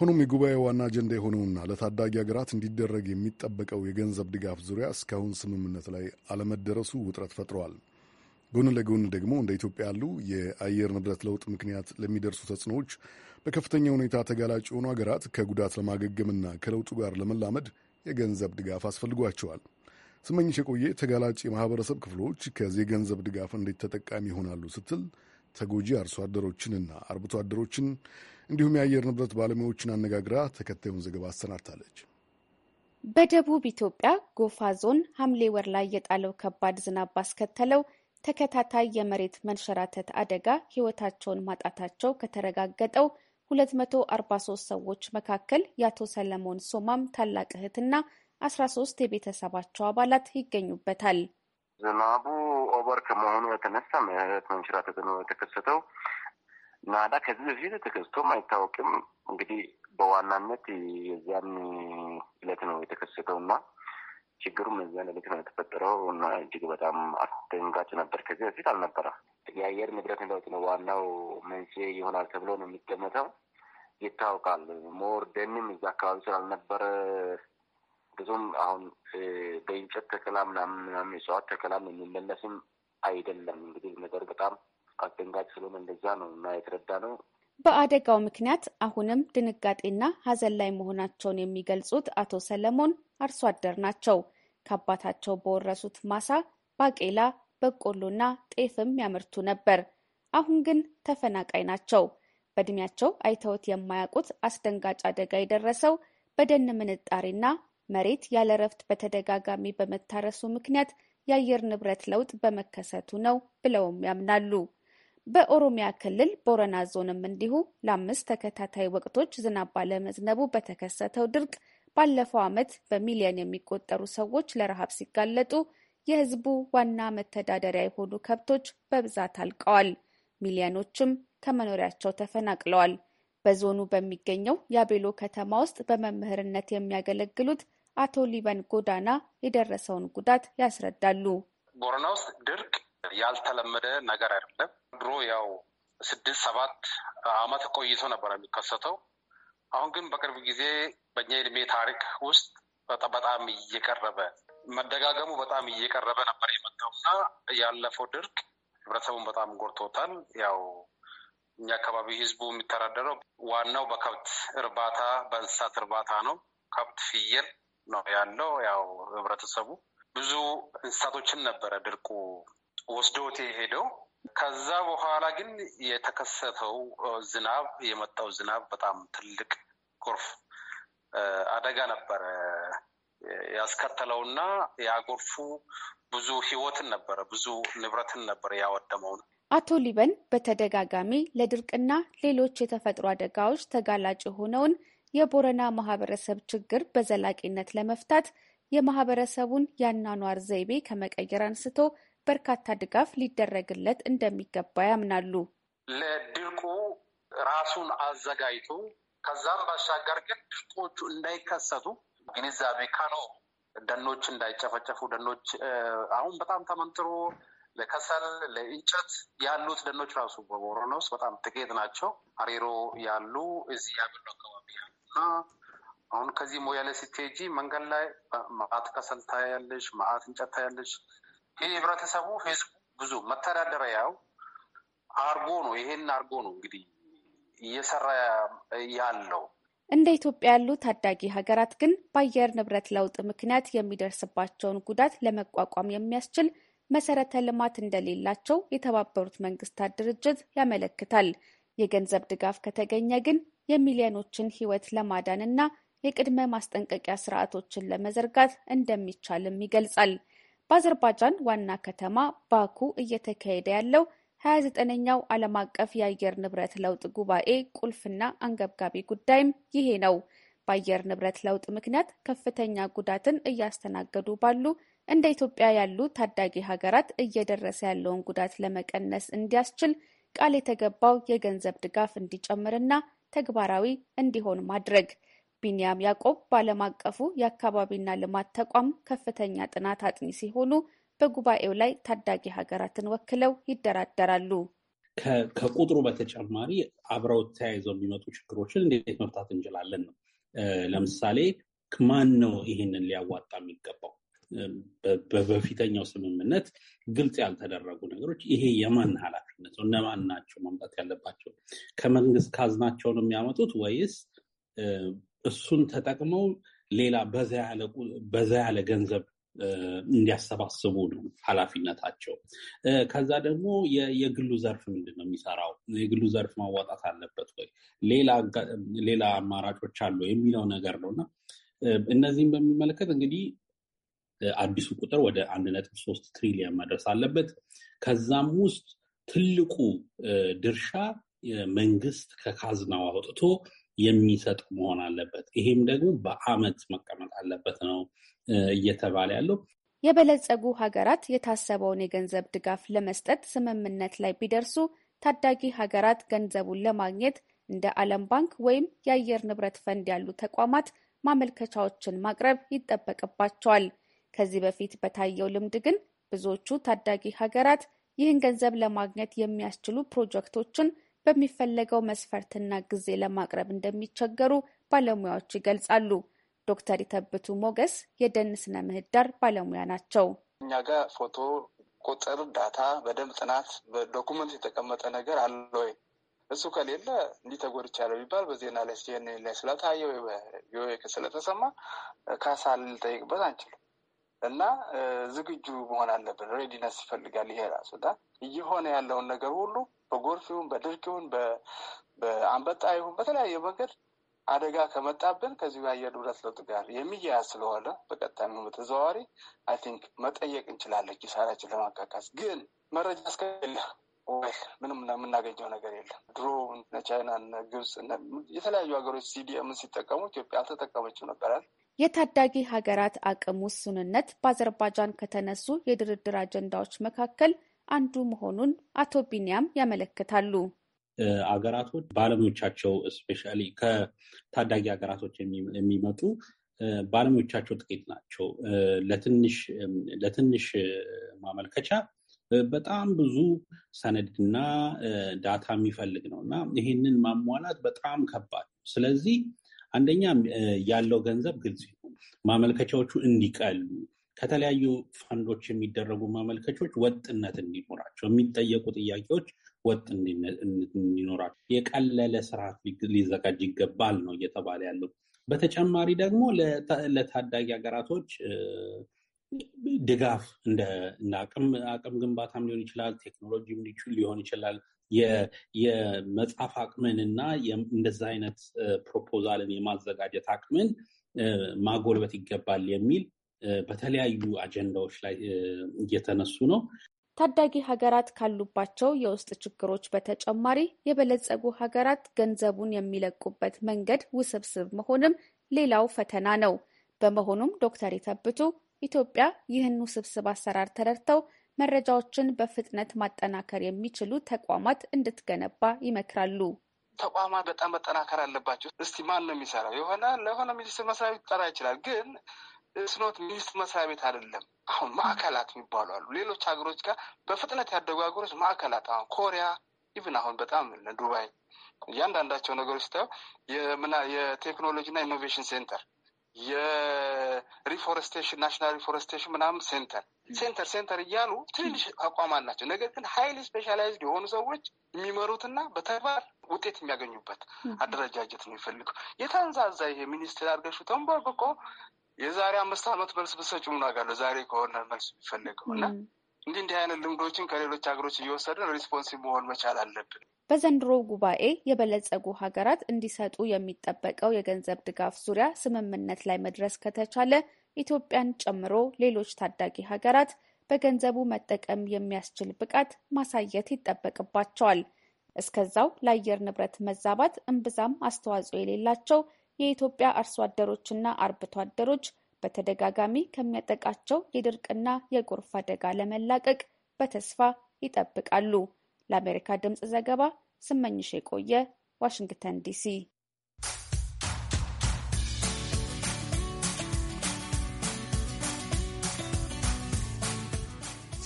[SPEAKER 1] ሆኖም የጉባኤ ዋና አጀንዳ የሆነውና ለታዳጊ ሀገራት እንዲደረግ የሚጠበቀው የገንዘብ ድጋፍ ዙሪያ እስካሁን ስምምነት ላይ አለመደረሱ ውጥረት ፈጥረዋል። ጎን ለጎን ደግሞ እንደ ኢትዮጵያ ያሉ የአየር ንብረት ለውጥ ምክንያት ለሚደርሱ ተጽዕኖዎች በከፍተኛ ሁኔታ ተጋላጭ የሆኑ ሀገራት ከጉዳት ለማገገምና ከለውጡ ጋር ለመላመድ የገንዘብ ድጋፍ አስፈልጓቸዋል። ስመኝሽ የቆየ ተጋላጭ የማህበረሰብ ክፍሎች ከዚህ የገንዘብ ድጋፍ እንዴት ተጠቃሚ ይሆናሉ ስትል ተጎጂ አርሶ አደሮችንና አርብቶ አደሮችን እንዲሁም የአየር ንብረት ባለሙያዎችን አነጋግራ ተከታዩን ዘገባ አሰናድታለች።
[SPEAKER 14] በደቡብ ኢትዮጵያ ጎፋ ዞን ሐምሌ ወር ላይ የጣለው ከባድ ዝናብ ባስከተለው ተከታታይ የመሬት መንሸራተት አደጋ ሕይወታቸውን ማጣታቸው ከተረጋገጠው 243 ሰዎች መካከል የአቶ ሰለሞን ሶማም ታላቅ እህትና አስራ ሶስት የቤተሰባቸው አባላት ይገኙበታል።
[SPEAKER 12] ዝናቡ ኦቨር ከመሆኑ የተነሳ መሬት መንሸራተት ነው የተከሰተው። ናዳ ከዚህ በፊት ተከስቶም አይታወቅም።
[SPEAKER 6] እንግዲህ በዋናነት የዚያን እለት ነው የተከሰተው እና ችግሩም እዚያን እለት ነው የተፈጠረው እና እጅግ በጣም አስደንጋጭ ነበር። ከዚህ በፊት አልነበረ። የአየር ንብረት ለውጥ ነው ዋናው መንስኤ ይሆናል ተብሎ ነው የሚገመተው። ይታወቃል ሞር ደንም እዛ አካባቢ ስላልነበረ ብዙም አሁን በእንጨት ተከላ ምናምን ምናምን የእጽዋት ተከላም የሚመለስም አይደለም። እንግዲህ ነገር በጣም አስደንጋጭ ስለሆነ እንደዛ ነው እና የተረዳ ነው።
[SPEAKER 14] በአደጋው ምክንያት አሁንም ድንጋጤና ሀዘን ላይ መሆናቸውን የሚገልጹት አቶ ሰለሞን አርሶ አደር ናቸው። ከአባታቸው በወረሱት ማሳ ባቄላ፣ በቆሎና ጤፍም ያመርቱ ነበር። አሁን ግን ተፈናቃይ ናቸው። በእድሜያቸው አይተውት የማያውቁት አስደንጋጭ አደጋ የደረሰው በደን ምንጣሪና መሬት ያለ እረፍት በተደጋጋሚ በመታረሱ ምክንያት የአየር ንብረት ለውጥ በመከሰቱ ነው ብለውም ያምናሉ። በኦሮሚያ ክልል ቦረና ዞንም እንዲሁ ለአምስት ተከታታይ ወቅቶች ዝናብ ባለመዝነቡ በተከሰተው ድርቅ ባለፈው ዓመት በሚሊዮን የሚቆጠሩ ሰዎች ለረሃብ ሲጋለጡ የሕዝቡ ዋና መተዳደሪያ የሆኑ ከብቶች በብዛት አልቀዋል። ሚሊዮኖችም ከመኖሪያቸው ተፈናቅለዋል። በዞኑ በሚገኘው የአቤሎ ከተማ ውስጥ በመምህርነት የሚያገለግሉት አቶ ሊበን ጎዳና የደረሰውን ጉዳት ያስረዳሉ።
[SPEAKER 15] ቦረና ውስጥ ድርቅ ያልተለመደ ነገር አይደለም። ድሮ ያው ስድስት ሰባት አመት ቆይቶ ነበር የሚከሰተው። አሁን ግን በቅርብ ጊዜ በእኛ ዕድሜ ታሪክ ውስጥ በጣም እየቀረበ መደጋገሙ በጣም እየቀረበ ነበር የመጣው እና ያለፈው ድርቅ ህብረተሰቡን በጣም ጎድቶታል። ያው እኛ አካባቢ ህዝቡ የሚተዳደረው ዋናው በከብት እርባታ በእንስሳት እርባታ ነው። ከብት፣ ፍየል፣ ነው ያለው። ያው ህብረተሰቡ ብዙ እንስሳቶችን ነበረ ድርቁ ወስዶት የሄደው። ከዛ በኋላ ግን የተከሰተው ዝናብ የመጣው ዝናብ በጣም ትልቅ ጎርፍ አደጋ ነበረ ያስከተለውና ያ ጎርፉ ብዙ ህይወትን ነበረ ብዙ ንብረትን ነበረ ያወደመው።
[SPEAKER 11] ነው።
[SPEAKER 14] አቶ ሊበን በተደጋጋሚ ለድርቅና ሌሎች የተፈጥሮ አደጋዎች ተጋላጭ የሆነውን የቦረና ማህበረሰብ ችግር በዘላቂነት ለመፍታት የማህበረሰቡን የአኗኗር ዘይቤ ከመቀየር አንስቶ በርካታ ድጋፍ ሊደረግለት እንደሚገባ ያምናሉ።
[SPEAKER 15] ለድርቁ ራሱን አዘጋጅቶ ከዛም ባሻገር ግን ድርቆቹ እንዳይከሰቱ ግንዛቤ ከኖ ደኖች እንዳይጨፈጨፉ ደኖች አሁን በጣም ተመንጥሮ ለከሰል ለእንጨት ያሉት ደኖች ራሱ በቦረና ውስጥ በጣም ጥቂት ናቸው። አሬሮ ያሉ እዚህ
[SPEAKER 16] ያብሎ አካባቢ
[SPEAKER 15] እና አሁን ከዚህ ሙያ ላይ ስትሄጂ መንገድ ላይ መዓት ከሰል ታያለሽ፣ መዓት እንጨት ታያለሽ። ይህ ህብረተሰቡ ህዝቡ ብዙ መተዳደሪያ ያው አርጎ ነው ይሄን አርጎ ነው እንግዲህ እየሰራ ያለው።
[SPEAKER 14] እንደ ኢትዮጵያ ያሉ ታዳጊ ሀገራት ግን በአየር ንብረት ለውጥ ምክንያት የሚደርስባቸውን ጉዳት ለመቋቋም የሚያስችል መሰረተ ልማት እንደሌላቸው የተባበሩት መንግስታት ድርጅት ያመለክታል። የገንዘብ ድጋፍ ከተገኘ ግን የሚሊዮኖችን ሕይወት ለማዳን እና የቅድመ ማስጠንቀቂያ ስርዓቶችን ለመዘርጋት እንደሚቻልም ይገልጻል። በአዘርባጃን ዋና ከተማ ባኩ እየተካሄደ ያለው 29ኛው ዓለም አቀፍ የአየር ንብረት ለውጥ ጉባኤ ቁልፍና አንገብጋቢ ጉዳይም ይሄ ነው። በአየር ንብረት ለውጥ ምክንያት ከፍተኛ ጉዳትን እያስተናገዱ ባሉ እንደ ኢትዮጵያ ያሉ ታዳጊ ሀገራት እየደረሰ ያለውን ጉዳት ለመቀነስ እንዲያስችል ቃል የተገባው የገንዘብ ድጋፍ እንዲጨምርና ተግባራዊ እንዲሆን ማድረግ። ቢንያም ያዕቆብ በዓለም አቀፉ የአካባቢና ልማት ተቋም ከፍተኛ ጥናት አጥኚ ሲሆኑ በጉባኤው ላይ ታዳጊ ሀገራትን ወክለው ይደራደራሉ።
[SPEAKER 11] ከቁጥሩ በተጨማሪ አብረው ተያይዘው የሚመጡ ችግሮችን እንዴት መፍታት እንችላለን ነው። ለምሳሌ ማን ነው ይህንን ሊያዋጣ የሚገባው? በፊተኛው ስምምነት ግልጽ ያልተደረጉ ነገሮች ይሄ የማን ኃላፊነት ነው? እነማን ናቸው መምጣት ያለባቸው? ከመንግስት ካዝናቸው ነው የሚያመጡት ወይስ እሱን ተጠቅመው ሌላ በዛ ያለ ገንዘብ እንዲያሰባስቡ ነው ኃላፊነታቸው። ከዛ ደግሞ የግሉ ዘርፍ ምንድን ነው የሚሰራው? የግሉ ዘርፍ ማዋጣት አለበት ወይ? ሌላ አማራጮች አሉ የሚለው ነገር ነው እና እነዚህም በሚመለከት እንግዲህ አዲሱ ቁጥር ወደ አንድ ነጥብ ሶስት ትሪሊየን መድረስ አለበት። ከዛም ውስጥ ትልቁ ድርሻ መንግስት ከካዝናው አውጥቶ የሚሰጥ መሆን አለበት። ይሄም ደግሞ በአመት መቀመጥ አለበት ነው እየተባለ ያለው።
[SPEAKER 14] የበለጸጉ ሀገራት የታሰበውን የገንዘብ ድጋፍ ለመስጠት ስምምነት ላይ ቢደርሱ ታዳጊ ሀገራት ገንዘቡን ለማግኘት እንደ ዓለም ባንክ ወይም የአየር ንብረት ፈንድ ያሉ ተቋማት ማመልከቻዎችን ማቅረብ ይጠበቅባቸዋል። ከዚህ በፊት በታየው ልምድ ግን ብዙዎቹ ታዳጊ ሀገራት ይህን ገንዘብ ለማግኘት የሚያስችሉ ፕሮጀክቶችን በሚፈለገው መስፈርትና ጊዜ ለማቅረብ እንደሚቸገሩ ባለሙያዎች ይገልጻሉ። ዶክተር የተብቱ ሞገስ የደን ስነ ምህዳር ባለሙያ ናቸው።
[SPEAKER 17] እኛ ጋር ፎቶ፣ ቁጥር፣ ዳታ በደንብ ጥናት በዶኩመንት የተቀመጠ ነገር አለ ወይ? እሱ ከሌለ እንዲህ ተጎድቻለሁ ቢባል በዜና ላይ ሲኤንኤን ላይ ስለታየ ወይ ስለተሰማ ካሳ ልንጠይቅበት አንችልም። እና ዝግጁ መሆን አለብን። ሬዲነስ ይፈልጋል ይሄ ራሱ እና እየሆነ ያለውን ነገር ሁሉ በጎርፍ ይሁን በድርቅ ይሁን በአንበጣ ይሁን በተለያየ መንገድ አደጋ ከመጣብን ከዚሁ የአየር ንብረት ለውጥ ጋር የሚያያዝ ስለሆነ በቀጣይ በተዘዋዋሪ አይ ቲንክ መጠየቅ እንችላለን ኪሳራችን ለማካካስ ግን መረጃ እስከሌለ ምንም የምናገኘው ነገር የለም። ድሮ ቻይና ግብጽ ግብፅ የተለያዩ ሀገሮች ሲዲኤም ሲጠቀሙ ኢትዮጵያ አልተጠቀመችም ነበራል።
[SPEAKER 14] የታዳጊ ሀገራት አቅም ውስንነት በአዘርባጃን ከተነሱ የድርድር አጀንዳዎች መካከል አንዱ መሆኑን አቶ ቢኒያም ያመለክታሉ።
[SPEAKER 11] አገራቶች ባለሙያዎቻቸው እስፔሻሊ ከታዳጊ ሀገራቶች የሚመጡ ባለሙያዎቻቸው ጥቂት ናቸው። ለትንሽ ማመልከቻ በጣም ብዙ ሰነድና ዳታ የሚፈልግ ነው እና ይህንን ማሟላት በጣም ከባድ ነው። ስለዚህ አንደኛ ያለው ገንዘብ ግልጽ ይሁን፣ ማመልከቻዎቹ እንዲቀሉ ከተለያዩ ፈንዶች የሚደረጉ ማመልከቻዎች ወጥነት እንዲኖራቸው፣ የሚጠየቁ ጥያቄዎች ወጥ እንዲኖራቸው የቀለለ ስርዓት ሊዘጋጅ ይገባል ነው እየተባለ ያለው። በተጨማሪ ደግሞ ለታዳጊ ሀገራቶች ድጋፍ እንደ አቅም ግንባታም ሊሆን ይችላል፣ ቴክኖሎጂም ሊሆን ይችላል። የመጽሐፍ አቅምን እና እንደዛ አይነት ፕሮፖዛልን የማዘጋጀት አቅምን ማጎልበት ይገባል የሚል በተለያዩ አጀንዳዎች ላይ እየተነሱ ነው።
[SPEAKER 14] ታዳጊ ሀገራት ካሉባቸው የውስጥ ችግሮች በተጨማሪ የበለጸጉ ሀገራት ገንዘቡን የሚለቁበት መንገድ ውስብስብ መሆንም ሌላው ፈተና ነው። በመሆኑም ዶክተር የተብቱ ኢትዮጵያ ይህን ውስብስብ አሰራር ተረድተው መረጃዎችን በፍጥነት ማጠናከር የሚችሉ ተቋማት እንድትገነባ ይመክራሉ።
[SPEAKER 17] ተቋማት በጣም መጠናከር አለባቸው። እስቲ ማን ነው የሚሰራው? የሆነ ለሆነ ሚኒስትር መስሪያ ቤት ጠራ ይችላል፣ ግን እስኖት ሚኒስትር መስሪያ ቤት አይደለም። አሁን ማዕከላት የሚባሉ አሉ። ሌሎች ሀገሮች ጋር በፍጥነት ያደጉ ሀገሮች ማዕከላት፣ አሁን ኮሪያ ኢቭን አሁን በጣም ዱባይ፣ እያንዳንዳቸው ነገሮች ስታየው የቴክኖሎጂና ኢኖቬሽን ሴንተር የሪፎረስቴሽን ናሽናል ሪፎረስቴሽን ምናምን ሴንተር ሴንተር ሴንተር እያሉ ትንሽ ተቋማት ናቸው። ነገር ግን ሀይሊ ስፔሻላይዝድ የሆኑ ሰዎች የሚመሩትና በተግባር ውጤት የሚያገኙበት አደረጃጀት ነው የሚፈልገው። የተንዛዛ ይሄ ሚኒስትር አድርገሹ ተንበርብቆ የዛሬ አምስት ዓመት መልስ ብሰጭ ምናጋለ ዛሬ ከሆነ መልስ የሚፈልገው እና እንዲህ እንዲህ አይነት ልምዶችን ከሌሎች ሀገሮች እየወሰድን ሪስፖንሲቭ መሆን መቻል አለብን።
[SPEAKER 14] በዘንድሮ ጉባኤ የበለጸጉ ሀገራት እንዲሰጡ የሚጠበቀው የገንዘብ ድጋፍ ዙሪያ ስምምነት ላይ መድረስ ከተቻለ ኢትዮጵያን ጨምሮ ሌሎች ታዳጊ ሀገራት በገንዘቡ መጠቀም የሚያስችል ብቃት ማሳየት ይጠበቅባቸዋል። እስከዛው ለአየር ንብረት መዛባት እምብዛም አስተዋጽኦ የሌላቸው የኢትዮጵያ አርሶ አደሮችና አርብቶ አደሮች በተደጋጋሚ ከሚያጠቃቸው የድርቅና የጎርፍ አደጋ ለመላቀቅ በተስፋ ይጠብቃሉ። ለአሜሪካ ድምፅ ዘገባ ስመኝሽ የቆየ ዋሽንግተን ዲሲ።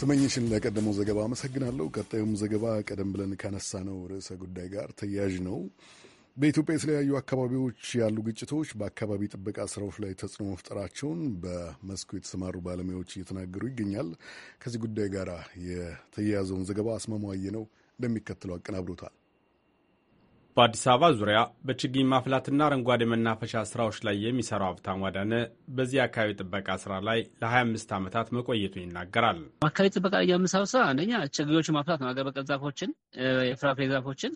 [SPEAKER 1] ስመኝሽን ለቀደመው ዘገባ አመሰግናለሁ። ቀጣዩም ዘገባ ቀደም ብለን ካነሳነው ርዕሰ ጉዳይ ጋር ተያያዥ ነው። በኢትዮጵያ የተለያዩ አካባቢዎች ያሉ ግጭቶች በአካባቢ ጥበቃ ስራዎች ላይ ተጽዕኖ መፍጠራቸውን በመስኩ የተሰማሩ ባለሙያዎች እየተናገሩ ይገኛል። ከዚህ ጉዳይ ጋር የተያያዘውን ዘገባ አስማማየ ነው እንደሚከተለው አቀናብሮታል።
[SPEAKER 18] በአዲስ አበባ ዙሪያ በችግኝ ማፍላትና አረንጓዴ መናፈሻ ስራዎች ላይ የሚሰራው ሀብታም ዋዳነ በዚህ አካባቢ ጥበቃ ስራ ላይ ለ25 ዓመታት መቆየቱን ይናገራል።
[SPEAKER 5] አካባቢ ጥበቃ ላይ የምሰራው ስራ አንደኛ ችግኞች ማፍላት ነው። አገር በቀል ዛፎችን፣
[SPEAKER 18] የፍራፍሬ ዛፎችን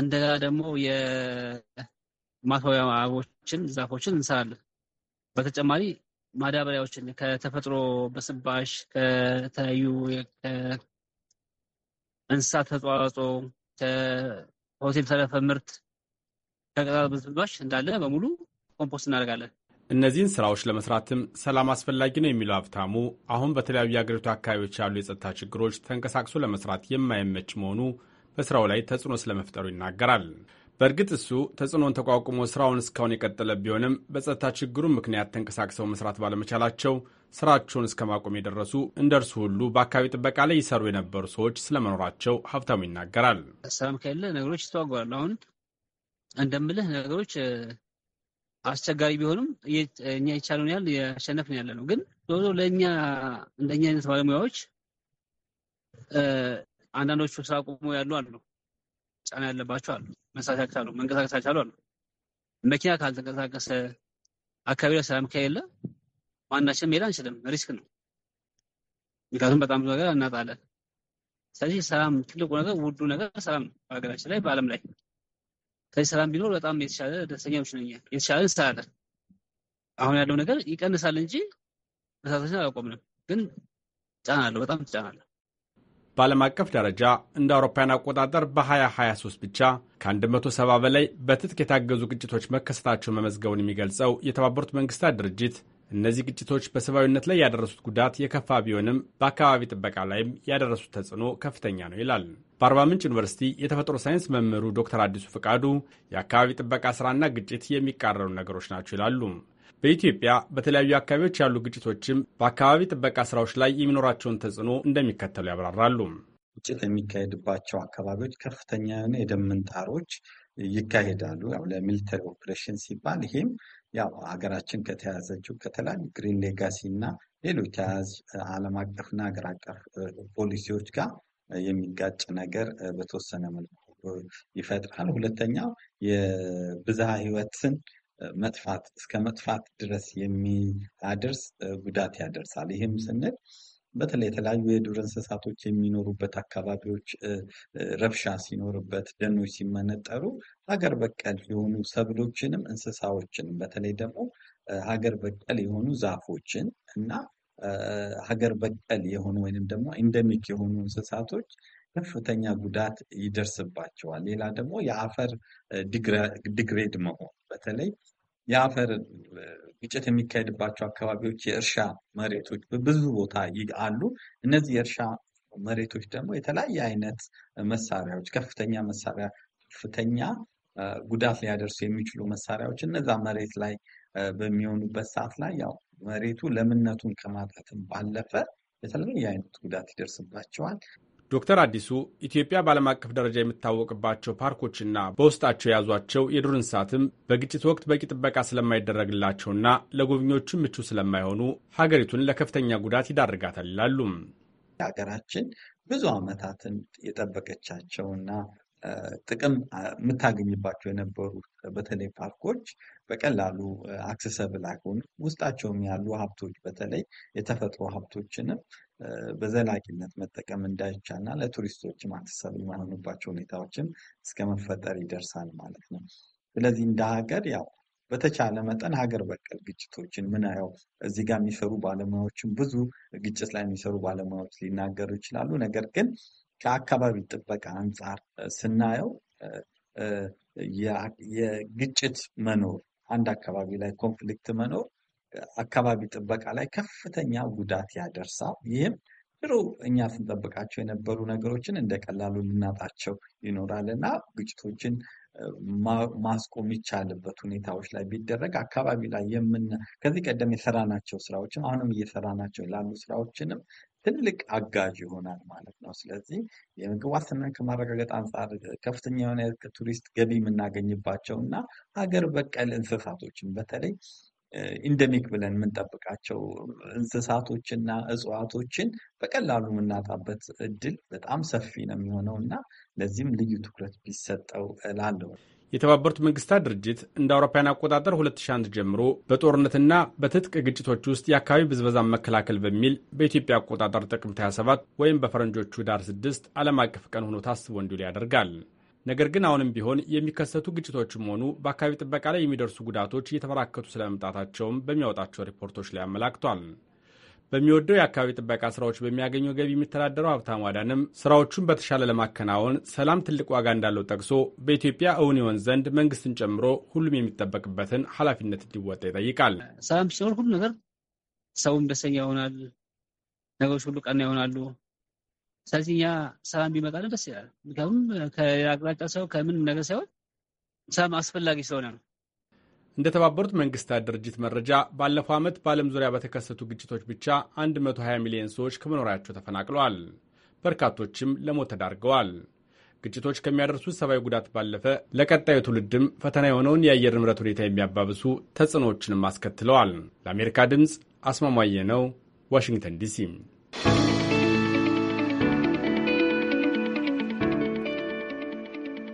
[SPEAKER 18] እንደገና ደግሞ የማስዋቢያ
[SPEAKER 5] አበቦችን፣ ዛፎችን እንሰራለን። በተጨማሪ ማዳበሪያዎችን ከተፈጥሮ በስባሽ ከተለያዩ
[SPEAKER 18] እንስሳት ተዋጽኦ
[SPEAKER 5] ከሆቴል ተረፈ ምርት ከቅጠል ብስባሽ እንዳለ በሙሉ ኮምፖስት እናደርጋለን።
[SPEAKER 18] እነዚህን ስራዎች ለመስራትም ሰላም አስፈላጊ ነው የሚለው ሀብታሙ፣ አሁን በተለያዩ የአገሪቱ አካባቢዎች ያሉ የጸጥታ ችግሮች ተንቀሳቅሶ ለመስራት የማይመች መሆኑ በስራው ላይ ተጽዕኖ ስለመፍጠሩ ይናገራል። በእርግጥ እሱ ተጽዕኖን ተቋቁሞ ስራውን እስካሁን የቀጠለ ቢሆንም በጸጥታ ችግሩ ምክንያት ተንቀሳቅሰው መስራት ባለመቻላቸው ስራቸውን እስከ ማቆም የደረሱ እንደ እርሱ ሁሉ በአካባቢ ጥበቃ ላይ ይሰሩ የነበሩ ሰዎች ስለመኖራቸው ሀብታሙ ይናገራል።
[SPEAKER 5] ሰላም ከሌለ ነገሮች ይስተዋጓሉ። አሁን እንደምልህ ነገሮች አስቸጋሪ ቢሆንም እኛ ይቻለን ያህል ያሸነፍን ያለ ነው። ግን ዞሮ ለእኛ እንደኛ አይነት ባለሙያዎች አንዳንዶቹ ስራ ቆሞ ያሉ አሉ፣ ጫና ያለባቸው አሉ፣ መንሳት ያልቻሉ መንቀሳቀስ ያልቻሉ አሉ። መኪና ካልተንቀሳቀሰ አካባቢ ላይ ሰላም ከሌለ ማናችን ሄድ አንችልም፣ ሪስክ ነው። ምክንያቱም በጣም ብዙ ነገር እናጣለን። ስለዚህ ሰላም ትልቁ ነገር ውዱ ነገር ሰላም ነው፣ በሀገራችን ላይ በዓለም ላይ ከዚህ ሰላም ቢኖር በጣም የተሻለ ደስተኛ ነኝ፣ የተሻለ እንሰራለን። አሁን ያለው ነገር ይቀንሳል እንጂ መሳሳችን አላቆምንም፣ ግን ጫና አለው፣ በጣም ጫና አለው።
[SPEAKER 18] በዓለም አቀፍ ደረጃ እንደ አውሮፓውያን አቆጣጠር በ2023 ብቻ ከ170 በላይ በትጥቅ የታገዙ ግጭቶች መከሰታቸውን መመዝገቡን የሚገልጸው የተባበሩት መንግስታት ድርጅት እነዚህ ግጭቶች በሰብአዊነት ላይ ያደረሱት ጉዳት የከፋ ቢሆንም በአካባቢ ጥበቃ ላይም ያደረሱት ተጽዕኖ ከፍተኛ ነው ይላል። በአርባ ምንጭ ዩኒቨርሲቲ የተፈጥሮ ሳይንስ መምህሩ ዶክተር አዲሱ ፈቃዱ የአካባቢ ጥበቃ ስራና ግጭት የሚቃረኑ ነገሮች ናቸው ይላሉ። በኢትዮጵያ በተለያዩ አካባቢዎች ያሉ ግጭቶችም በአካባቢ ጥበቃ ስራዎች ላይ የሚኖራቸውን ተጽዕኖ እንደሚከተሉ ያብራራሉ። ግጭት
[SPEAKER 16] የሚካሄድባቸው አካባቢዎች ከፍተኛ የሆነ የደም ምንጣሮች ይካሄዳሉ። ያው ለሚሊተሪ ኦፕሬሽን ሲባል ይሄም ያው ሀገራችን ከተያዘችው ከተለያዩ ግሪን ሌጋሲ እና ሌሎች ተያያዥ ዓለም አቀፍና ሀገር አቀፍ ፖሊሲዎች ጋር የሚጋጭ ነገር በተወሰነ መልኩ ይፈጥራል። ሁለተኛው የብዝሃ ህይወትን መጥፋት እስከ መጥፋት ድረስ የሚያደርስ ጉዳት ያደርሳል። ይህም ስንል በተለይ የተለያዩ የዱር እንስሳቶች የሚኖሩበት አካባቢዎች ረብሻ ሲኖርበት፣ ደኖች ሲመነጠሩ ሀገር በቀል የሆኑ ሰብሎችንም እንስሳዎችንም በተለይ ደግሞ ሀገር በቀል የሆኑ ዛፎችን እና ሀገር በቀል የሆኑ ወይንም ደግሞ ኢንደሚክ የሆኑ እንስሳቶች ከፍተኛ ጉዳት ይደርስባቸዋል። ሌላ ደግሞ የአፈር ዲግሬድ መሆን በተለይ የአፈር ግጭት የሚካሄድባቸው አካባቢዎች የእርሻ መሬቶች በብዙ ቦታ አሉ። እነዚህ የእርሻ መሬቶች ደግሞ የተለያየ አይነት መሳሪያዎች ከፍተኛ መሳሪያ ከፍተኛ ጉዳት ሊያደርሱ የሚችሉ መሳሪያዎች እነዛ መሬት ላይ በሚሆኑበት ሰዓት ላይ ያው መሬቱ ለምነቱን ከማጣትም ባለፈ የተለያየ አይነት ጉዳት ይደርስባቸዋል። ዶክተር አዲሱ
[SPEAKER 18] ኢትዮጵያ በዓለም አቀፍ ደረጃ የምታወቅባቸው ፓርኮችና በውስጣቸው የያዟቸው የዱር እንስሳትም በግጭት ወቅት በቂ ጥበቃ ስለማይደረግላቸውና ለጎብኚዎቹ ምቹ ስለማይሆኑ ሀገሪቱን ለከፍተኛ ጉዳት ይዳርጋታል ይላሉም።
[SPEAKER 16] ሀገራችን ብዙ ዓመታትን የጠበቀቻቸውና ጥቅም የምታገኝባቸው የነበሩ በተለይ ፓርኮች በቀላሉ አክሰሰብል አይሆኑ ውስጣቸውም ያሉ ሀብቶች በተለይ የተፈጥሮ ሀብቶችንም በዘላቂነት መጠቀም እንዳይቻልና ለቱሪስቶች ለቱሪስቶችም አክሰሰብል የማይሆኑባቸው ሁኔታዎችም እስከ መፈጠር ይደርሳል ማለት ነው። ስለዚህ እንደ ሀገር ያው በተቻለ መጠን ሀገር በቀል ግጭቶችን ምናየው እዚህ ጋር የሚሰሩ ባለሙያዎችን ብዙ ግጭት ላይ የሚሰሩ ባለሙያዎች ሊናገሩ ይችላሉ። ነገር ግን ከአካባቢ ጥበቃ አንጻር ስናየው የግጭት መኖር አንድ አካባቢ ላይ ኮንፍሊክት መኖር አካባቢ ጥበቃ ላይ ከፍተኛ ጉዳት ያደርሳል። ይህም ድሮ እኛ ስንጠብቃቸው የነበሩ ነገሮችን እንደ ቀላሉ ልናጣቸው ይኖራል እና ግጭቶችን ማስቆም ይቻልበት ሁኔታዎች ላይ ቢደረግ አካባቢ ላይ የምን ከዚህ ቀደም የሰራናቸው ስራዎችን አሁንም እየሰራናቸው ላሉ ስራዎችንም ትልቅ አጋዥ ይሆናል ማለት ነው። ስለዚህ የምግብ ዋስትናን ከማረጋገጥ አንጻር ከፍተኛ የሆነ ቱሪስት ገቢ የምናገኝባቸው እና ሀገር በቀል እንስሳቶችን በተለይ ኢንደሚክ ብለን የምንጠብቃቸው እንስሳቶችና እጽዋቶችን በቀላሉ የምናጣበት እድል በጣም ሰፊ ነው የሚሆነው እና ለዚህም ልዩ ትኩረት ቢሰጠው እላለሁ። የተባበሩት መንግስታት ድርጅት
[SPEAKER 18] እንደ አውሮፓውያን አቆጣጠር 2001 ጀምሮ በጦርነትና በትጥቅ ግጭቶች ውስጥ የአካባቢ ብዝበዛን መከላከል በሚል በኢትዮጵያ አቆጣጠር ጥቅምት 27 ወይም በፈረንጆቹ ዳር 6 ዓለም አቀፍ ቀን ሆኖ ታስቦ እንዲውል ያደርጋል። ነገር ግን አሁንም ቢሆን የሚከሰቱ ግጭቶችም ሆኑ በአካባቢ ጥበቃ ላይ የሚደርሱ ጉዳቶች እየተበራከቱ ስለመምጣታቸውም በሚያወጣቸው ሪፖርቶች ላይ አመላክቷል። በሚወደው የአካባቢ ጥበቃ ስራዎች በሚያገኘው ገቢ የሚተዳደረው ሀብታም ዋዳንም ስራዎቹን በተሻለ ለማከናወን ሰላም ትልቅ ዋጋ እንዳለው ጠቅሶ በኢትዮጵያ እውን ይሆን ዘንድ መንግስትን ጨምሮ ሁሉም የሚጠበቅበትን ኃላፊነት እንዲወጣ ይጠይቃል። ሰላም ሲኖር ሁሉ ነገር ሰውም ደስተኛ ይሆናል፣ ነገሮች ሁሉ ቀና ይሆናሉ። ስለዚህ እኛ ሰላም ቢመጣ
[SPEAKER 5] ደስ ይላል። ምክንያቱም ከአቅጣጫ ሰው ከምንም ነገር ሳይሆን ሰላም አስፈላጊ ስለሆነ ነው።
[SPEAKER 18] እንደተባበሩት መንግስታት ድርጅት መረጃ ባለፈው ዓመት በዓለም ዙሪያ በተከሰቱ ግጭቶች ብቻ 120 ሚሊዮን ሰዎች ከመኖሪያቸው ተፈናቅለዋል። በርካቶችም ለሞት ተዳርገዋል። ግጭቶች ከሚያደርሱት ሰብአዊ ጉዳት ባለፈ ለቀጣዩ ትውልድም ፈተና የሆነውን የአየር ንብረት ሁኔታ የሚያባብሱ ተጽዕኖዎችንም አስከትለዋል። ለአሜሪካ ድምፅ አስማማየ ነው፣
[SPEAKER 1] ዋሽንግተን ዲሲ።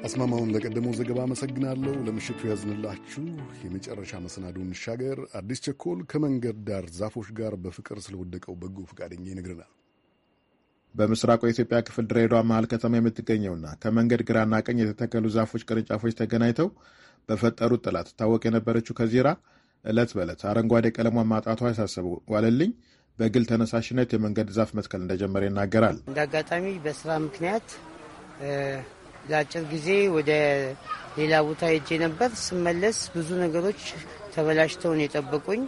[SPEAKER 1] አስማማውን ለቀደመው ዘገባ አመሰግናለሁ። ለምሽቱ ያዝንላችሁ የመጨረሻ መሰናዶ እንሻገር። አዲስ ቸኮል ከመንገድ ዳር ዛፎች ጋር በፍቅር ስለወደቀው በጎ ፈቃደኛ ይነግረናል።
[SPEAKER 7] በምስራቁ የኢትዮጵያ ክፍል ድሬዳዋ መሀል ከተማ የምትገኘውና ከመንገድ ግራና ቀኝ የተተከሉ ዛፎች ቅርንጫፎች ተገናኝተው በፈጠሩት ጥላ ትታወቅ የነበረችው ከዚራ ዕለት በዕለት አረንጓዴ ቀለሟን ማጣቷ ያሳሰበው ዋለልኝ በግል ተነሳሽነት የመንገድ ዛፍ መትከል እንደጀመረ ይናገራል።
[SPEAKER 19] እንደ አጋጣሚ በስራ ምክንያት ለአጭር ጊዜ ወደ ሌላ ቦታ ሄጄ ነበር። ስመለስ ብዙ ነገሮች ተበላሽተውን የጠበቁኝ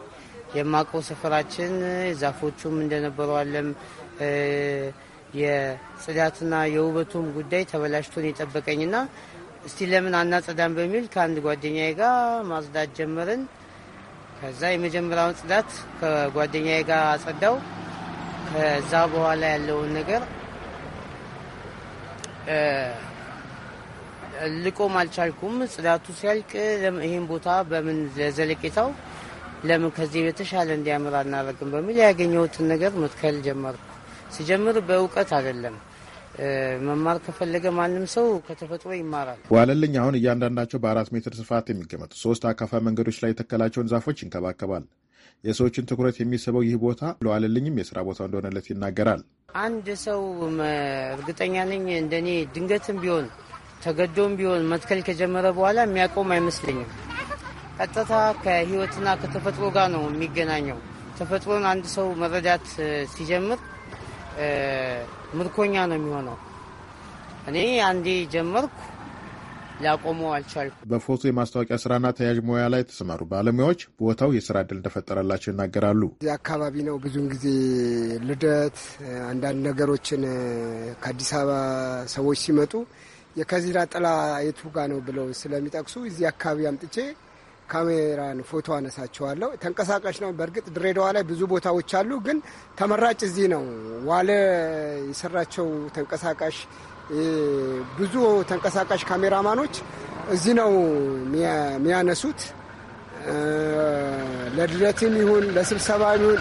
[SPEAKER 19] የማቀው ሰፈራችን ዛፎቹም እንደነበረው አለም የጽዳትና የውበቱም ጉዳይ ተበላሽቶን የጠበቀኝና እስቲ ለምን አናጸዳም በሚል ከአንድ ጓደኛዬ ጋር ማጽዳት ጀመርን። ከዛ የመጀመሪያውን ጽዳት ከጓደኛዬ ጋር አጸዳው። ከዛ በኋላ ያለውን ነገር ልቆም አልቻልኩም። ጽዳቱ ሲያልቅ ይህን ቦታ በምን ለዘለቄታው ለምን ከዚህ የተሻለ እንዲያምር አናረግም በሚል ያገኘሁትን ነገር መትከል ጀመርኩ። ሲጀምር በእውቀት አይደለም። መማር ከፈለገ ማንም ሰው ከተፈጥሮ ይማራል።
[SPEAKER 7] ዋለልኝ አሁን እያንዳንዳቸው በአራት ሜትር ስፋት የሚገመጡ ሶስት አካፋ መንገዶች ላይ የተከላቸውን ዛፎች ይንከባከባል። የሰዎችን ትኩረት የሚስበው ይህ ቦታ ለዋለልኝም የስራ ቦታ እንደሆነለት ይናገራል።
[SPEAKER 19] አንድ ሰው እርግጠኛ ነኝ እንደኔ ድንገትም ቢሆን ተገዶም ቢሆን መትከል ከጀመረ በኋላ የሚያቆም አይመስለኝም። ቀጥታ ከህይወትና ከተፈጥሮ ጋር ነው የሚገናኘው። ተፈጥሮን አንድ ሰው መረዳት ሲጀምር ምርኮኛ ነው የሚሆነው። እኔ አንዴ ጀመርኩ ሊያቆሙ አልቻልኩ።
[SPEAKER 7] በፎቶ የማስታወቂያ ስራና ተያያዥ ሙያ ላይ የተሰማሩ ባለሙያዎች ቦታው የስራ እድል እንደፈጠረላቸው ይናገራሉ።
[SPEAKER 19] እዚህ አካባቢ ነው ብዙውን
[SPEAKER 9] ጊዜ ልደት፣ አንዳንድ ነገሮችን ከአዲስ አበባ ሰዎች ሲመጡ የከዚራ ጥላ የቱ ጋ ነው ብለው ስለሚጠቅሱ እዚህ አካባቢ አምጥቼ ካሜራን ፎቶ አነሳቸዋለሁ። ተንቀሳቃሽ ነው። በእርግጥ ድሬዳዋ ላይ ብዙ ቦታዎች አሉ፣ ግን ተመራጭ እዚህ ነው። ዋለ የሰራቸው ተንቀሳቃሽ ብዙ ተንቀሳቃሽ ካሜራማኖች እዚህ ነው የሚያነሱት። ለድረትም ይሁን ለስብሰባ ይሁን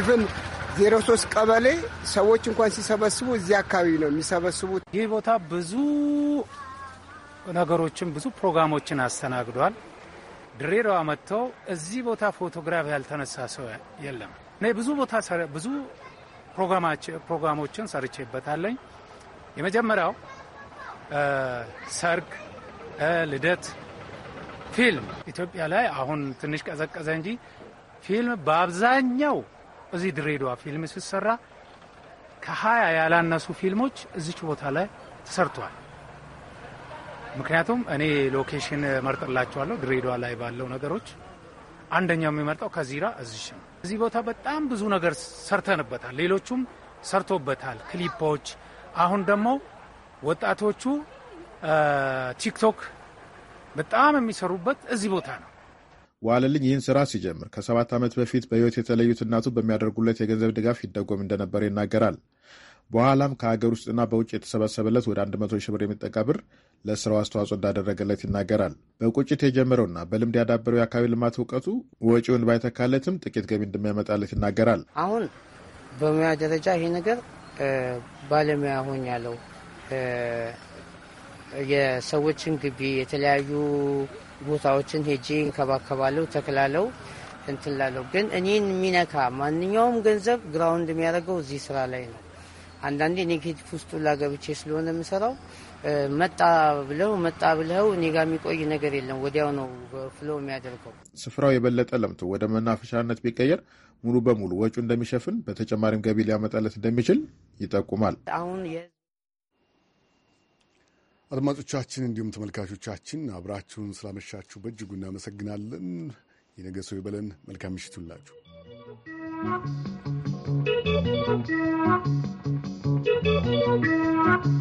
[SPEAKER 9] ኢቭን
[SPEAKER 17] ዜሮ ሶስት ቀበሌ ሰዎች እንኳን ሲሰበስቡ እዚ አካባቢ ነው የሚሰበስቡት። ይህ ቦታ ብዙ ነገሮችን ብዙ
[SPEAKER 15] ፕሮግራሞችን አስተናግዷል። ድሬዳዋ መጥቶ እዚህ ቦታ ፎቶግራፍ ያልተነሳ ሰው የለም። እኔ ብዙ ቦታ ብዙ ፕሮግራሞችን ሰርቼበታለኝ። የመጀመሪያው ሰርግ፣ ልደት፣ ፊልም ኢትዮጵያ ላይ አሁን ትንሽ ቀዘቀዘ እንጂ ፊልም በአብዛኛው እዚህ ድሬዳዋ ፊልም ሲሰራ ከሀያ ያላነሱ ፊልሞች እዚች ቦታ ላይ ተሰርተዋል። ምክንያቱም እኔ ሎኬሽን መርጥላቸዋለሁ ድሬዳዋ ላይ ባለው ነገሮች አንደኛው የሚመርጠው ከዚራ እዚሽ ነው። እዚህ ቦታ በጣም ብዙ ነገር ሰርተንበታል፣ ሌሎቹም ሰርቶበታል። ክሊፖች አሁን ደግሞ ወጣቶቹ ቲክቶክ በጣም የሚሰሩበት እዚህ ቦታ ነው።
[SPEAKER 7] ዋለልኝ ይህን ስራ ሲጀምር ከሰባት ዓመት በፊት በሕይወት የተለዩት እናቱ በሚያደርጉለት የገንዘብ ድጋፍ ይደጎም እንደነበር ይናገራል። በኋላም ከሀገር ውስጥና በውጭ የተሰበሰበለት ወደ 100 ሺህ ብር የሚጠጋ ብር ለስራው አስተዋጽኦ እንዳደረገለት ይናገራል። በቁጭት የጀመረውና በልምድ ያዳበረው የአካባቢ ልማት እውቀቱ ወጪውን ባይተካለትም ጥቂት ገቢ እንደሚያመጣለት ይናገራል።
[SPEAKER 19] አሁን በሙያ ደረጃ ይሄ ነገር ባለሙያ ያለው የሰዎችን ግቢ የተለያዩ ቦታዎችን ሄጄ እንከባከባለው ተክላለው እንትን ግን እኔን የሚነካ ማንኛውም ገንዘብ ግራውንድ የሚያደርገው እዚህ ስራ ላይ ነው። አንዳንዴ ኔጌቲቭ ውስጡ ላገብቼ ስለሆነ የምሰራው መጣ ብለው መጣ ብለው እኔ ጋር የሚቆይ ነገር የለም። ወዲያው ነው ፍሎ የሚያደርገው።
[SPEAKER 7] ስፍራው የበለጠ ለምቶ ወደ መናፈሻነት ቢቀየር ሙሉ በሙሉ ወጪው እንደሚሸፍን በተጨማሪም ገቢ ሊያመጣለት እንደሚችል ይጠቁማል።
[SPEAKER 19] አሁን
[SPEAKER 1] አድማጮቻችን እንዲሁም ተመልካቾቻችን አብራችሁን ስላመሻችሁ በእጅጉ እናመሰግናለን። የነገ ሰው ይበለን። መልካም ምሽት
[SPEAKER 12] you.